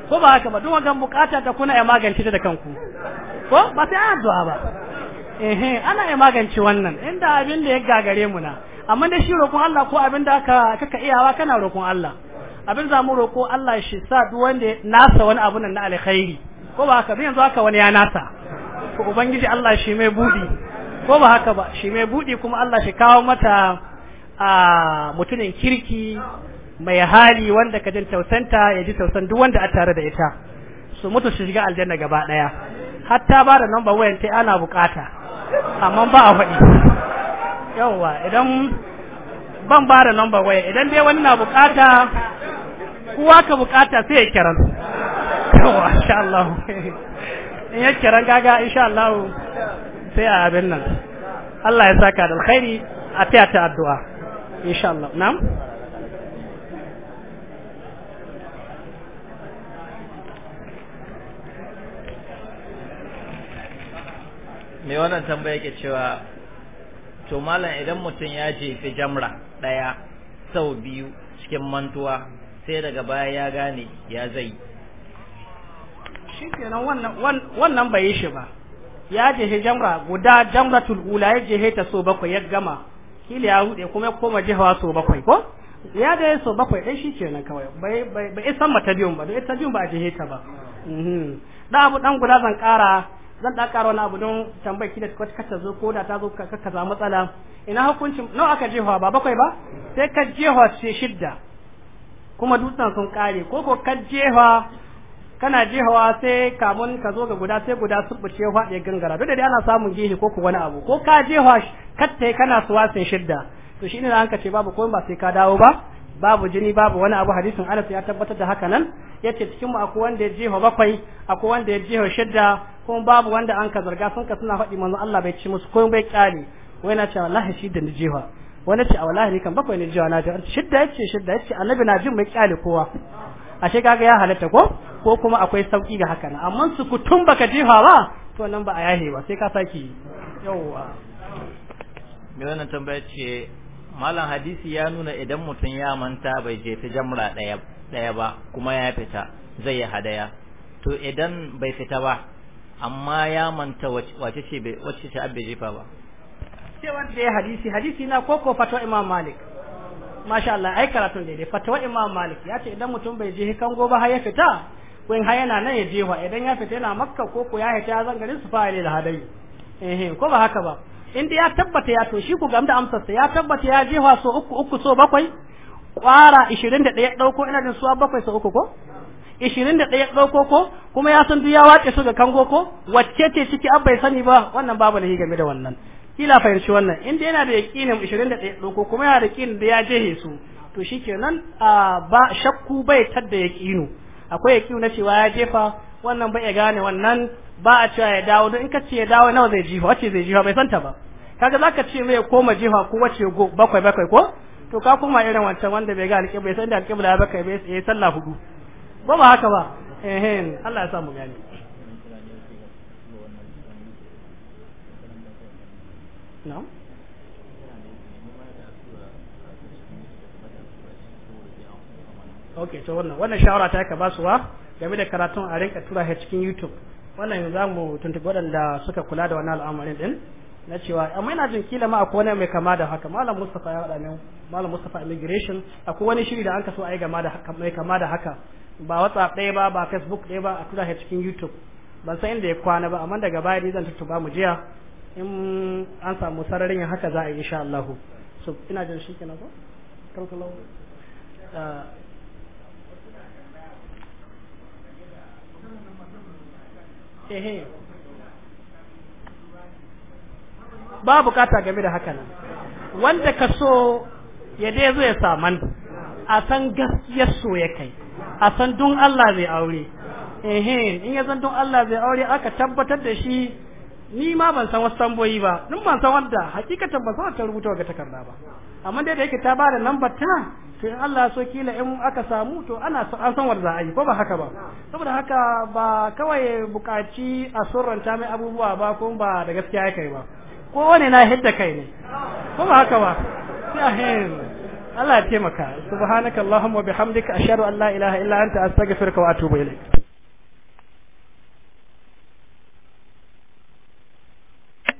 ko ba haka ba duk wannan bukata ta kuna ya magance ta da kanku ko ba sai addu'a ba eh ana ya magance wannan inda abin da ya gagare mu na amma da shi roƙon Allah ko abin da aka kaka iyawa kana roƙon Allah abin za mu roƙo Allah shi sa duk wanda nasa wani abu nan na alkhairi ko ba haka yanzu haka wani ya nasa ko ubangiji Allah shi mai budi ko ba haka ba shi mai budi kuma Allah shi kawo mata a mutumin kirki mai hali wanda ka tausanta ya ji tausan duk wanda a tare da ita su mutu su shiga aljanna gaba daya hatta ba da number wayan ta ana bukata amma ba a faɗi yawa idan ban ba da number waya idan dai wani na bukata kowa ka bukata sai ya kiran yawa insha Allah in ya kiran gaga insha Allah sai a abin nan Allah ya saka da alkhairi a taya ta addu'a insha Allah na'am mai wannan tambaya yake cewa to malam idan mutum ya jefe jamra ɗaya sau biyu cikin mantuwa sai daga baya ya gane ya zai shi kenan wannan bai yi shi ba ya jehe jamra guda jamratul ula ya jehe ta so bakwai ya gama kila ya hude kuma ya koma jehawa so bakwai ko ya da so bakwai dai shi kenan kawai bai bai bai san mata biyun ba ta biyun ba a jehe ta ba mhm. da abu dan guda zan kara zan da ƙara wani abu don tambayar ki da ka ta zo ko da ta zo ka kaza matsala ina hukuncin nawa aka jefa ba bakwai ba sai ka jefa sai shidda kuma dutsen sun kare ko ko ka jefa kana jehawa sai kamun ka zo ga guda sai guda sun buce ya gangara duk da dai ana samun jehi ko ku wani abu ko ka jehawa katta kana suwa sai shidda to shi ne an ka ce babu komai ba sai ka dawo ba babu jini babu wani abu hadisin Anas ya tabbatar da haka nan yace cikin mu akwai wanda ya jeho bakwai akwai wanda ya wa shidda kuma babu wanda an ka zarga sun ka suna faɗi manzo Allah bai ci musu ko bai kyale wai na ce wallahi shi da nijewa wani ce a wallahi ni kan bakwai nijewa na ji shidda yace shidda yace annabi na jin mai kyale kowa ashe kaga ya halatta ko ko kuma akwai sauki ga hakan amma su kutum baka jiha ba to nan ba a yahe ba sai ka saki yawwa me wannan tambaya ce malam hadisi ya nuna idan mutum ya manta bai je ta jamra daya daya ba kuma ya fita zai yi hadaya to idan bai fita ba amma ya manta wace ce wace ce abbe jefa ba ce wanda ya hadisi hadisi na koko fatwa imam malik masha Allah ai karatun daidai fatwa imam malik ya ce idan mutum bai je kango ba har ya fita wani har yana nan ya jefa idan ya fita yana makka koko ya fita ya zanga su fa'ale da hadayi eh ko ba haka ba in ya tabbata ya to shi ku gamda amsar sa ya tabbata ya jefa so uku uku so bakwai kwara 21 dauko ina da suwa bakwai so uku ko ishirin da ɗaya ɗauko ko kuma ya san duya ya wace su ga kango ko wacce ce ciki abba ya sani ba wannan babu lahi game da wannan kila fahimci wannan inda yana da yaƙinin ishirin da ɗaya ɗauko kuma yana da yaƙinin da ya jehe su to shikenan a ba shakku bai tadda yaƙinu akwai yaƙinu na cewa ya jefa wannan bai ya gane wannan ba a cewa ya dawo don in ka ce ya dawo nawa zai jifa wacce zai jifa bai santa ba kaga zaka ce mai koma jifa ko wacce bakwai bakwai ko to ka kuma irin wancan wanda bai ga alƙibla bai san da alƙibla bakwai bai sallah hudu ba ba haka ba ehen Allah ya samu gani ok to wannan wannan shawara ta ka basuwa game da karatun a rinka tura cikin youtube wannan za mu tuntuɓi waɗanda suka kula da wani al'amarin din na cewa amma ina jin kila ma akwai wani mai kama da haka malam Mustafa ya wadannan malam Mustafa immigration akwai wani shiri da an kaso a yi game da haka mai kama da haka ba WhatsApp ɗaya ba ba Facebook ɗaya ba a tura shi cikin YouTube ban san inda ya kwana ba amma daga baya ni zan tuttuba mu jiya in an samu sararin haka za a yi insha Allah so ina jin shi kenan ko kalkalo ah. eh eh ba bukata game da haka nan wanda ka so ya dai zo ya saman a san gaskiyar so ya kai a san don Allah zai aure ehe in ya san don Allah zai aure aka tabbatar da shi ni ma ban san wasu tamboyi ba in ban san wanda hakikatan ba san ta rubuta ga takarda ba amma dai da yake ta bada lambar ta to in Allah so kila in aka samu to ana an san wanda za a yi ko ba haka ba saboda haka ba kawai bukaci a surranta mai abubuwa ba kuma ba da gaskiya ya kai ba ko wani na hidda kai ne kuma ba haka ba sai a Allah ya taimaka subhanakallahumma bihamdika ashhadu an la ilaha illa anta astaghfiruka wa atubu ilaik